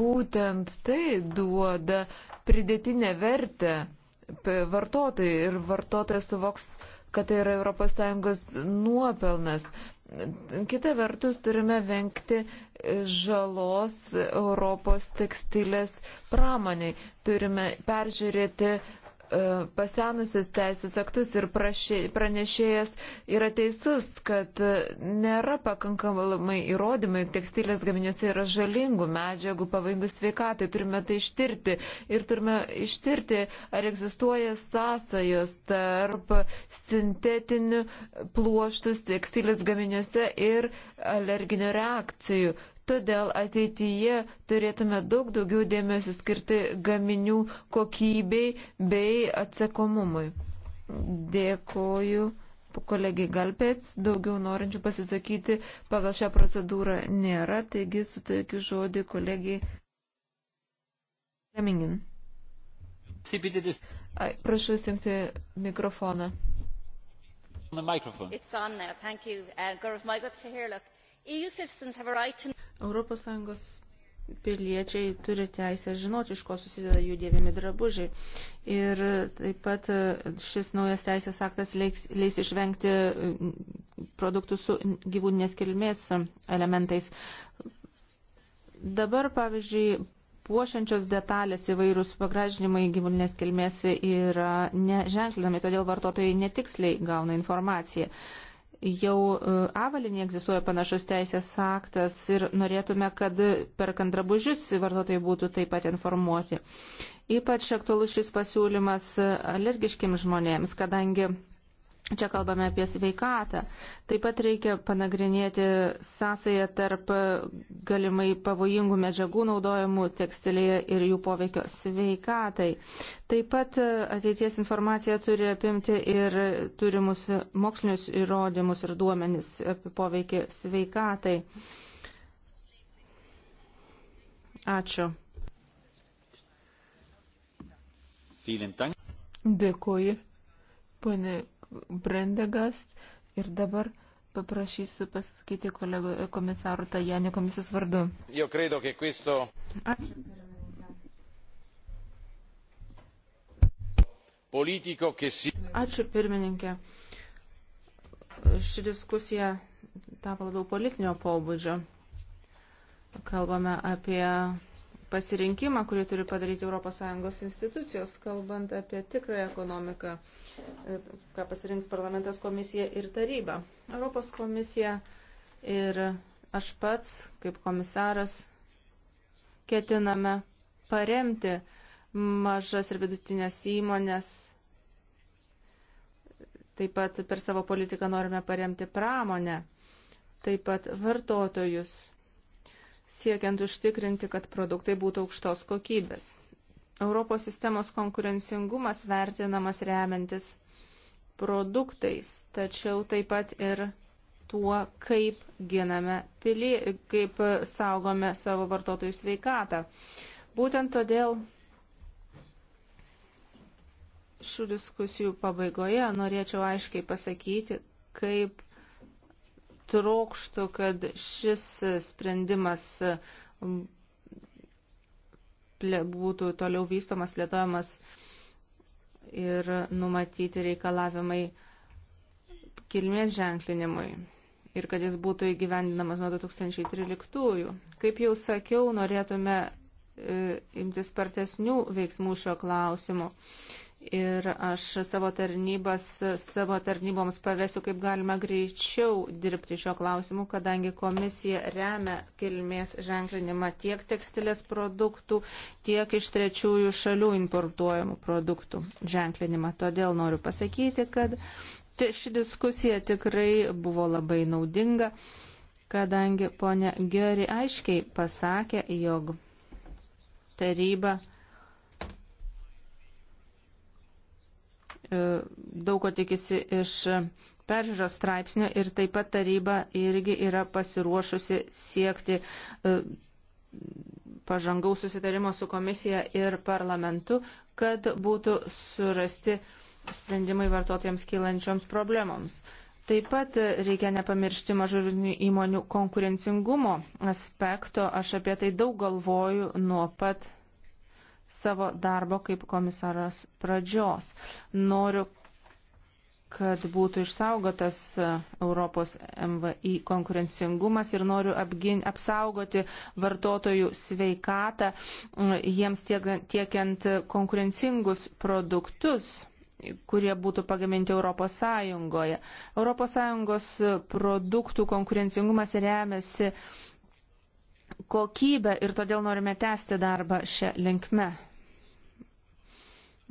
[SPEAKER 1] būtent tai duoda pridėtinę vertę vartotojai ir vartotojas suvoks, kad tai yra ES nuopelnas. Kita vertus, turime vengti žalos Europos tekstilės pramoniai. Turime peržiūrėti E, pasenusius teisės aktus ir prašė, pranešėjas yra teisus, kad e, nėra pakankamai įrodymai, tekstilės gaminiuose yra žalingų medžiagų, pavojingų sveikatai, turime tai ištirti ir turime ištirti, ar egzistuoja sąsajos tarp sintetinių pluoštus tekstilės gaminiuose ir alerginių reakcijų. Todėl ateityje turėtume daug daugiau dėmesio skirti gaminių kokybei bei atsakomumui. Dėkoju kolegiai Galpėts, daugiau norinčių pasisakyti pagal šią procedūrą nėra, taigi suteikiu žodį kolegiai Remingin. Ai, prašau įsijungti mikrofoną.
[SPEAKER 3] It's on now, thank you. Uh, Gaurav Maigut Cahirlock. EU citizens have a right to... ES
[SPEAKER 1] piliečiai
[SPEAKER 3] turi teisę žinoti, iš ko susideda jų dėvimi drabužiai. Ir taip pat e, šis naujas teisės aktas leis, leis išvengti produktų su gyvūninės kilmės elementais. Dabar, pavyzdžiui, puošiančios detalės įvairūs pagražinimai gyvulinės kilmės yra neženklinami, todėl vartotojai netiksliai gauna informaciją. Jau e, avalinė egzistuoja panašus teisės aktas ir norėtume, kad perkant drabužius vartotojai būtų taip pat informuoti. Ypač aktualus šis pasiūlymas alergiškiams žmonėms, kadangi Čia kalbame apie sveikatą. Taip pat reikia panagrinėti sąsąją tarp galimai pavojingų medžiagų naudojamų tekstilėje ir jų poveikio sveikatai. Taip pat ateities informacija turi apimti ir turimus mokslinius įrodymus ir duomenis apie poveikį sveikatai.
[SPEAKER 1] Ačiū. Dėkuoju, pane Brendegas ir dabar paprašysiu pasakyti kolego, komisaro Tajanį komisijos vardu. Credo, questo... Ačiū. Politico, che si...
[SPEAKER 3] Ačiū pirmininkė. Ši diskusija tapo labiau politinio pobūdžio. Kalbame apie pasirinkimą, kurį turi padaryti ES institucijos, kalbant apie tikrąją ekonomiką, e, ką pasirinks parlamentas komisija ir taryba. Europos komisija ir aš pats, kaip komisaras, ketiname paremti mažas ir vidutinės įmonės. Taip pat per savo politiką norime paremti pramonę, taip pat vartotojus siekiant užtikrinti, kad produktai būtų aukštos kokybės. Europos sistemos konkurencingumas vertinamas remiantis produktais, tačiau taip pat ir tuo, kaip giname pilį, kaip saugome savo vartotojų sveikatą. Būtent todėl šių diskusijų pabaigoje norėčiau aiškiai pasakyti, kaip trokštų, kad šis sprendimas būtų toliau vystomas, plėtojamas ir numatyti reikalavimai kilmės ženklinimui ir kad jis būtų įgyvendinamas nuo 2013-ųjų. Kaip jau sakiau, norėtume e, imtis spartesnių veiksmų šio klausimu ir aš savo, tarnybas, savo tarnyboms pavėsiu, kaip galima greičiau dirbti šio klausimu, kadangi komisija remia kilmės ženklinimą tiek tekstilės produktų, tiek iš trečiųjų šalių importuojamų produktų ženklinimą. Todėl noriu pasakyti, kad ši diskusija tikrai buvo labai naudinga, kadangi ponia Geri aiškiai pasakė, jog taryba E, daug ko tikisi iš peržiūros straipsnio ir taip pat taryba irgi yra pasiruošusi siekti e, pažangaus susitarimo su komisija ir parlamentu, kad būtų surasti sprendimai vartotojams kylančioms problemoms. Taip pat reikia nepamiršti mažurinių įmonių konkurencingumo aspekto. Aš apie tai daug galvoju nuo pat savo darbo kaip komisaras pradžios. Noriu, kad būtų išsaugotas e, Europos MVI konkurencingumas ir noriu apgin, apsaugoti vartotojų sveikatą e, jiems tiek, tiekiant konkurencingus produktus kurie būtų pagaminti Europos Sąjungoje. Europos Sąjungos produktų konkurencingumas remiasi uh, kokybę ir todėl norime tęsti darbą šią linkme.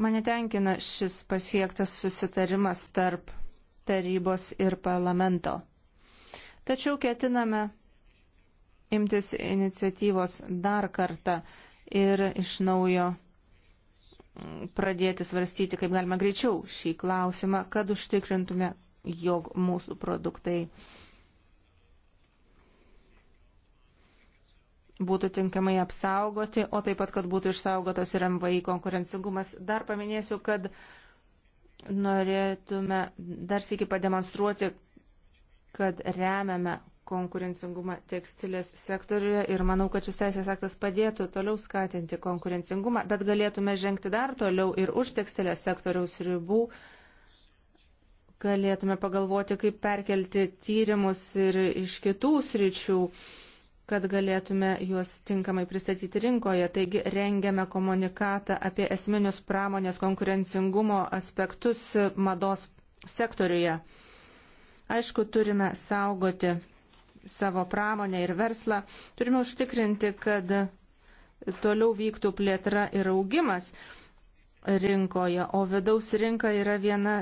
[SPEAKER 3] Mane tenkina šis pasiektas susitarimas tarp tarybos ir parlamento. Tačiau ketiname imtis iniciatyvos dar kartą ir iš naujo pradėti svarstyti, kaip galima greičiau šį klausimą, kad užtikrintume, jog mūsų produktai būtų tinkamai apsaugoti, o taip pat, kad būtų išsaugotas ir MVI konkurencingumas. Dar paminėsiu, kad norėtume dar sėki pademonstruoti, kad remiame konkurencingumą tekstilės sektoriuje ir manau, kad šis teisės aktas padėtų toliau skatinti konkurencingumą, bet galėtume žengti dar toliau ir už tekstilės sektoriaus ribų. Galėtume pagalvoti, kaip perkelti tyrimus ir iš kitų sričių. Uh, kad galėtume juos tinkamai pristatyti rinkoje. Taigi rengiame komunikatą apie esminius pramonės konkurencingumo aspektus mados sektoriuje. Aišku, turime saugoti savo pramonę ir verslą, turime užtikrinti, kad toliau vyktų plėtra ir augimas rinkoje, o vidaus rinka yra viena,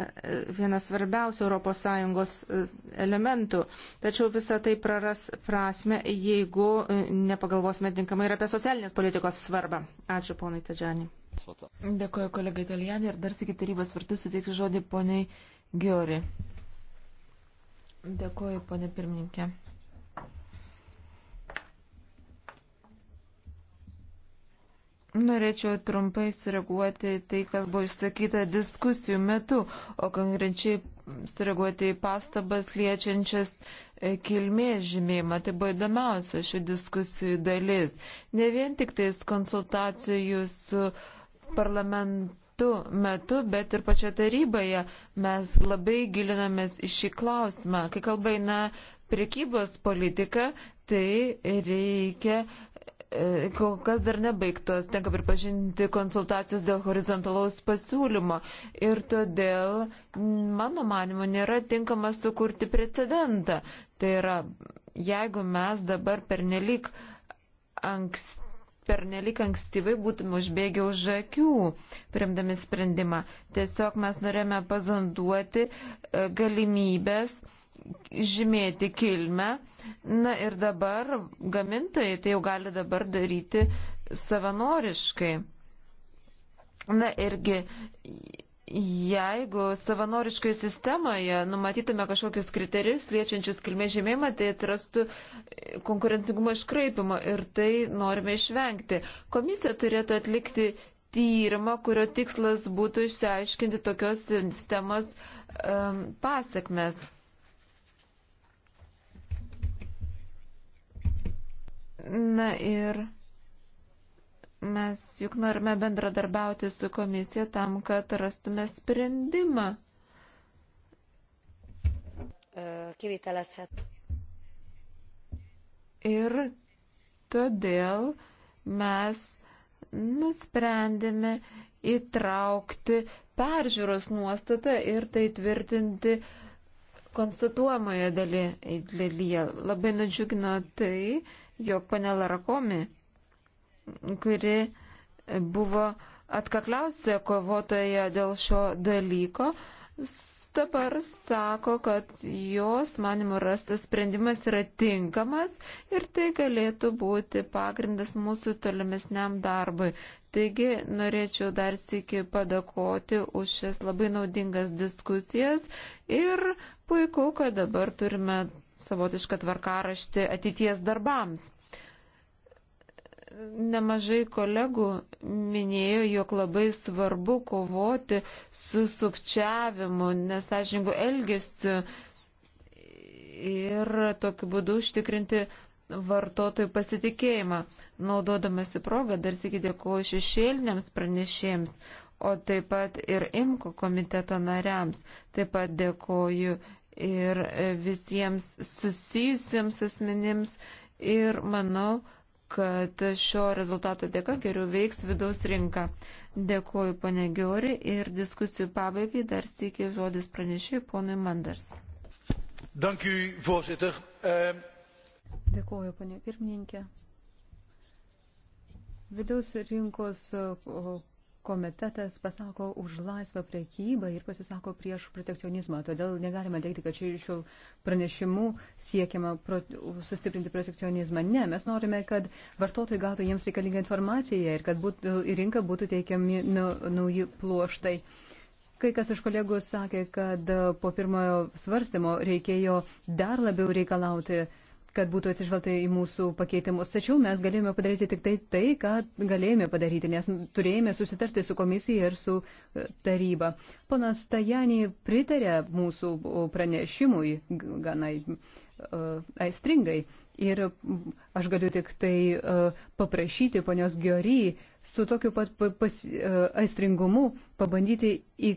[SPEAKER 3] viena svarbiausių ES e, elementų. Tačiau visa tai praras prasme, jeigu e, nepagalvosime tinkamai ir apie socialinės politikos svarbą. Ačiū, ponai Tadžiani.
[SPEAKER 1] Dėkuoju kolegai Italijanai ir dar sakyti tarybos vartų suteiksiu žodį poniai Giori. Dėkuoju, ponė pirmininkė. Norėčiau trumpai sureaguoti tai, kas buvo išsakyta diskusijų metu, o konkrečiai sureaguoti į pastabas liečiančias e, kilmės žymėjimą. Tai buvo įdomiausia šių diskusijų dalis. Ne vien tik tais konsultacijų su parlamentu metu, bet ir pačioje taryboje mes labai gilinamės į šį klausimą. Kai kalba eina priekybos politika, tai reikia E, kol kas dar nebaigtos, tenka pripažinti konsultacijos dėl horizontalaus pasiūlymo ir todėl, mano manimo, nėra tinkama sukurti precedentą. Tai yra, jeigu mes dabar pernelik, ankst, pernelik ankstyvai būtume užbėgę už akių, primdami sprendimą, tiesiog mes norėjome pazonduoti e, galimybės, žymėti kilmę. Na ir dabar gamintojai tai jau gali dabar daryti savanoriškai. Na irgi, jeigu savanoriškoje sistemoje numatytume kažkokius kriterijus liečiančius kilmės žymėjimą, tai atrastų konkurencingumo iškraipimo ir tai norime išvengti. Komisija turėtų atlikti tyrimą, kurio tikslas būtų išsiaiškinti tokios sistemos um, pasiekmes. Na ir mes juk norime bendradarbiauti su komisija tam, kad rastume sprendimą. Ir todėl mes nusprendėme įtraukti peržiūros nuostatą ir tai tvirtinti konstatuojamoje dalyje. Labai nudžiugino tai, jog pane Larakomi, kuri buvo atkakliausia kovotoja dėl šio dalyko, dabar sako, kad jos manimų rastas sprendimas yra tinkamas ir tai galėtų būti pagrindas mūsų tolimesniam darbui. Taigi norėčiau dar sėki padakoti už šias labai naudingas diskusijas ir puiku, kad dabar turime savotišką tvarkaraštį ateities darbams. Nemažai kolegų minėjo, jog labai svarbu kovoti su sukčiavimu, nesažingu elgesiu ir tokiu būdu užtikrinti vartotojų pasitikėjimą. Naudodamasi progą, dar sėki dėkuoju šešėliniams pranešėjams, o taip pat ir IMKO komiteto nariams. Taip pat dėkoju ir e, visiems susijusiems asmenims ir manau, kad šio rezultato dėka geriau veiks vidaus rinka. Dėkuoju ponė Giori ir diskusijų pabaigai dar sėkiai žodis pranešė ponui Manders.
[SPEAKER 2] Dank u, voorzitter. Uh... Dėkuoju, ponė pirmininkė. Vidaus rinkos komitetas pasako už laisvą priekybą ir pasisako prieš protekcionizmą. Todėl negalima teikti, kad šiuo pranešimu siekiama pro, sustiprinti protekcionizmą. Ne, mes norime, kad vartotojai gautų jiems reikalingą informaciją ir kad būtų, į rinką būtų teikiami nu, nauji pluoštai. Kai kas iš kolegų sakė, kad po pirmojo svarstymo reikėjo dar labiau reikalauti uh, kad būtų atsižvelgta į mūsų pakeitimus. Tačiau mes galėjome padaryti tik tai tai, ką galėjome padaryti, nes turėjome susitarti su komisija ir su e, taryba. Ponas Tajani pritarė mūsų pranešimui ganai e, aistringai. Ir aš galiu tik tai e, paprašyti ponios Giori su tokiu pat pas, aistringumu pabandyti į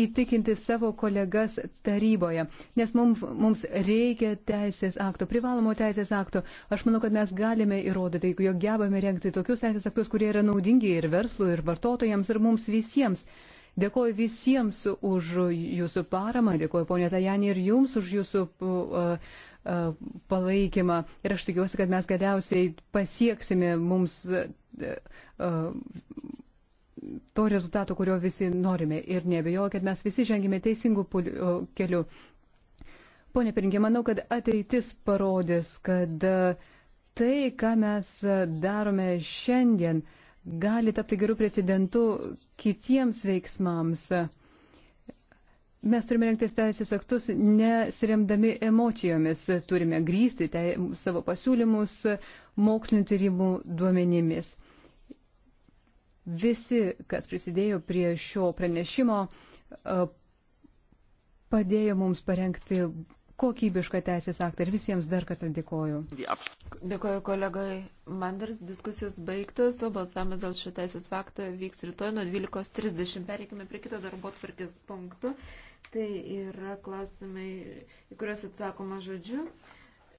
[SPEAKER 2] įtikinti savo kolegas taryboje, nes mums, mums reikia teisės akto, privalomo teisės akto. Aš manau, kad mes galime įrodyti, jog gebame renkti tokius teisės aktus, kurie yra naudingi ir verslui, ir vartotojams, ir mums visiems. Dėkoju visiems už jūsų paramą, dėkoju ponė Tajani ir jums už jūsų uh, uh, palaikymą. Ir aš tikiuosi, kad mes galiausiai pasieksime mums uh, to rezultato, kurio visi norime. Ir nebejoju, kad mes visi žengime teisingų kelių. Pone Pirinkė, manau, kad ateitis parodys, kad e, tai, ką mes darome šiandien, gali tapti gerų precedentų kitiems veiksmams. Mes turime rengtis teisės aktus nesiremdami emocijomis, turime grįsti tai, savo pasiūlymus mokslinio tyrimų duomenimis. Visi, kas prisidėjo prie šio pranešimo, e, padėjo mums parengti kokybišką teisės aktą ir visiems dar kartą dėkoju.
[SPEAKER 1] Dėkoju kolegai Manders, diskusijos baigtas, o balsavimas dėl šio teisės akto vyks rytoj nuo 12.30. Pereikime prie kito darbo tvarkės punktų. Tai yra klausimai, į kuriuos atsakoma žodžiu.